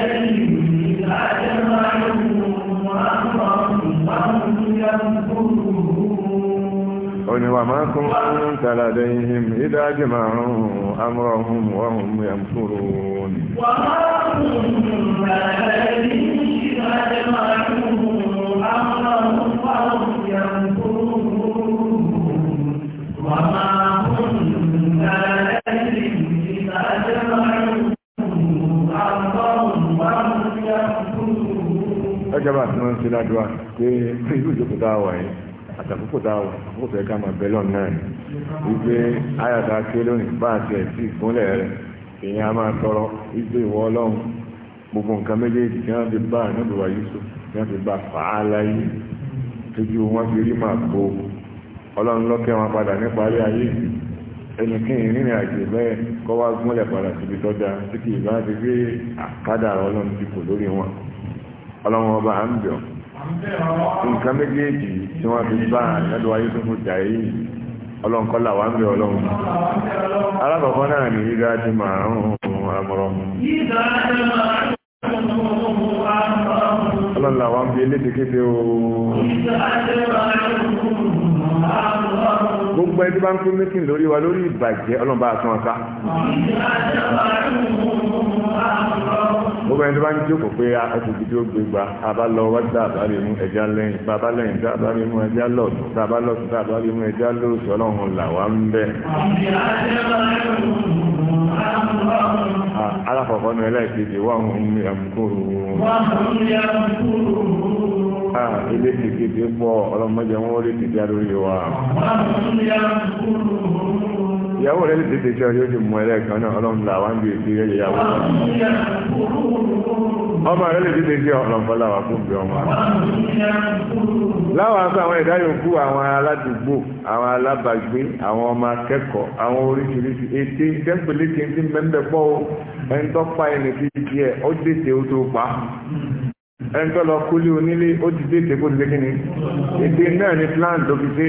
òní wà máa kún tàlàdé ihim ìdájì máa ń amúrọ̀ ohun ọ̀hún yẹn fúru ni. Ẹjọba tí wọ́n ń ṣe ládùá pé irú ìjókòó wà yìí àtàkùkù tá a wà àkókò tó yẹ ká máa bẹ lọ́nà náà ni wípé ayàtà ké lónìí bá àti ẹ̀sì ìpínlẹ̀ rẹ̀ èèyàn a máa tọrọ wípé ìwọ ọlọ́run gbogbo nǹkan méjèèjì tí wọ́n fi bá ànábì wa Yusuf tí wọ́n fi bá fàálà yìí tójú wọn fi rí máa bo ọlọ́run lọ́kẹ́ wọn padà ní parí ayé ẹnikẹ́ni rìnrìn àjò bẹ́ẹ̀ kọ́ wá gúnlẹ̀ padà síbi tọ́jà tí kì í bá ti gbé àkádà ọlọ́run ti kò lórí wọn ọlọ́run ọba à ń bẹ̀ ọ́ nǹkan méjèèjì tí wọ́n fi bá àtẹ́lù ayé tó fún jà yìí wà ń bẹ ọlọ́run alákọ̀ọ́kọ́ náà ní yíga ti máa ń hun amọ̀rọ̀ ọlọ́nlá wà ń bí gbogbo ẹni bá ń pín mítìn lórí wa lórí ìbàjẹ́ ọlọ́run bá tún gbogbo ẹni tó bá ń jókòó pé ẹkùn gidi ó gbé wájú àbálẹ̀ mú ẹja lẹ́yìn bàbá lẹ́yìn tá àbálẹ̀ mú ẹja lọ́sùn tá àbálọ́sùn tá àbálẹ̀ mú ẹja lóòsùn ọlọ́run là ń bẹ́ alákọ̀ọ́kọ́ ní ẹlẹ́ẹ̀kejì wà ń mú ẹ̀mùkúrú ilé kìkìkì pọ̀ ọlọ́mọdé wọn ó lè kìkì adórí wa ìyàwó rẹ̀ lè tètè jẹ́ yóò ti mú ẹlẹ́ẹ̀kan náà ọlọ́run là ń bí èsì rẹ̀ ìyàwó ọmọ rẹ̀ lè tètè jẹ́ ọlọ́run láwà fún bí ọmọ rẹ̀ láwà fún àwọn ẹ̀dá yòókù àwọn aládùúgbò àwọn alábàgbé àwọn ọmọ akẹ́kọ̀ọ́ àwọn oríṣiríṣi ètè ìdẹ́pẹ̀lẹ́ kí n ti mẹ́ńbẹ̀ pọ̀ ẹni tó pa ẹni fi di ẹ̀ ó dètè ó tó pa ẹni tó lọ kúlé onílé ó ti dètè kó ti dé kíni ètè náà ni plan tó fi dé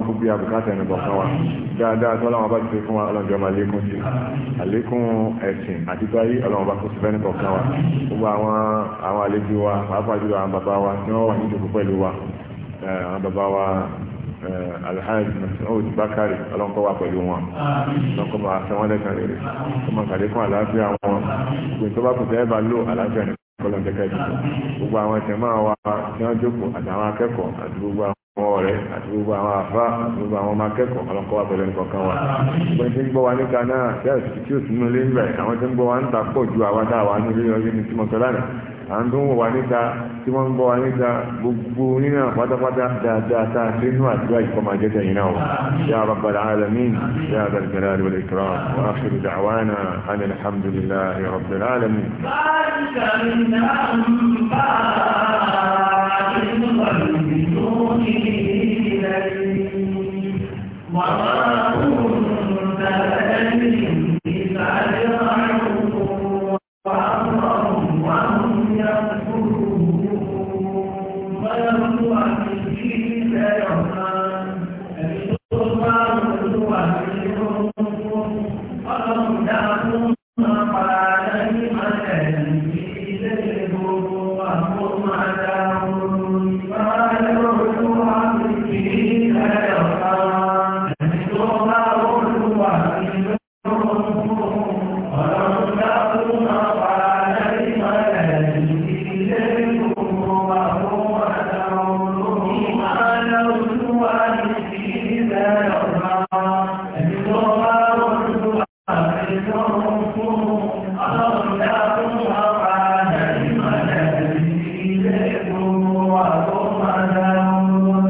gbogbo àbùkátà ẹnu bọ̀kan wa dáadáa tó ọlọ́wọ́ bá ti fún wa ọlọ́jọ́ máa lékún sí àlékún ẹ̀sìn àti báyìí ọlọ́wọ́ bá kó sí fẹ́ni bọ̀kan wa gbogbo àwọn àwọn àlejò wa pàápàá jùlọ àwọn bàbá wa tí wọ́n wà ní ìdòkú pẹ̀lú wa àwọn bàbá wa alhaji masoud bakari ọlọ́nkọ́ wa pẹ̀lú wọn ọlọ́nkọ́ máa fẹ́ wọn lẹ́sàn rere ọmọ kàlékún àlàáfíà wọn gbèǹtọ́ bá kò tẹ́ bá lò àlàáfíà ní kọ́lọ́ńdẹ́kẹ́ gbogbo àwọn ẹ̀sẹ̀ máa wa tí wọ́n jókòó àtàwọn akẹ́kọ̀ọ́ àti gbogbo àwọn ọ̀rẹ́ àti gbogbo àwọn àfá àti gbogbo àwọn ọmọ akẹ́kọ̀ọ́ ọlọ́kọ́ wa pẹ̀lú nǹkan kan wa gbogbo tí ń gbọ́ wa níta náà tí àìsí tí ò sínú ń bẹ̀ àwọn tí ń gbọ́ wa ń ta pọ̀ ju àwa ní ilé ọjọ́ ní tí mo sọ lánàá àwọn tó ń wọ̀ wá níta tí wọ́n ń bọ̀ wá níta gbogbo nínú pátápátá dáadáa tá a ṣe nínú àdúrà ìkọ́ máa jẹ́ tẹ̀yìn náà yà rabbal alamin yà dal jalali wal ikram wa akhiru da'wana anil hamdulillahi rabbil alamin. وما كنت لديهم إذ أجمعوا وأمرهم الله عليه وسلم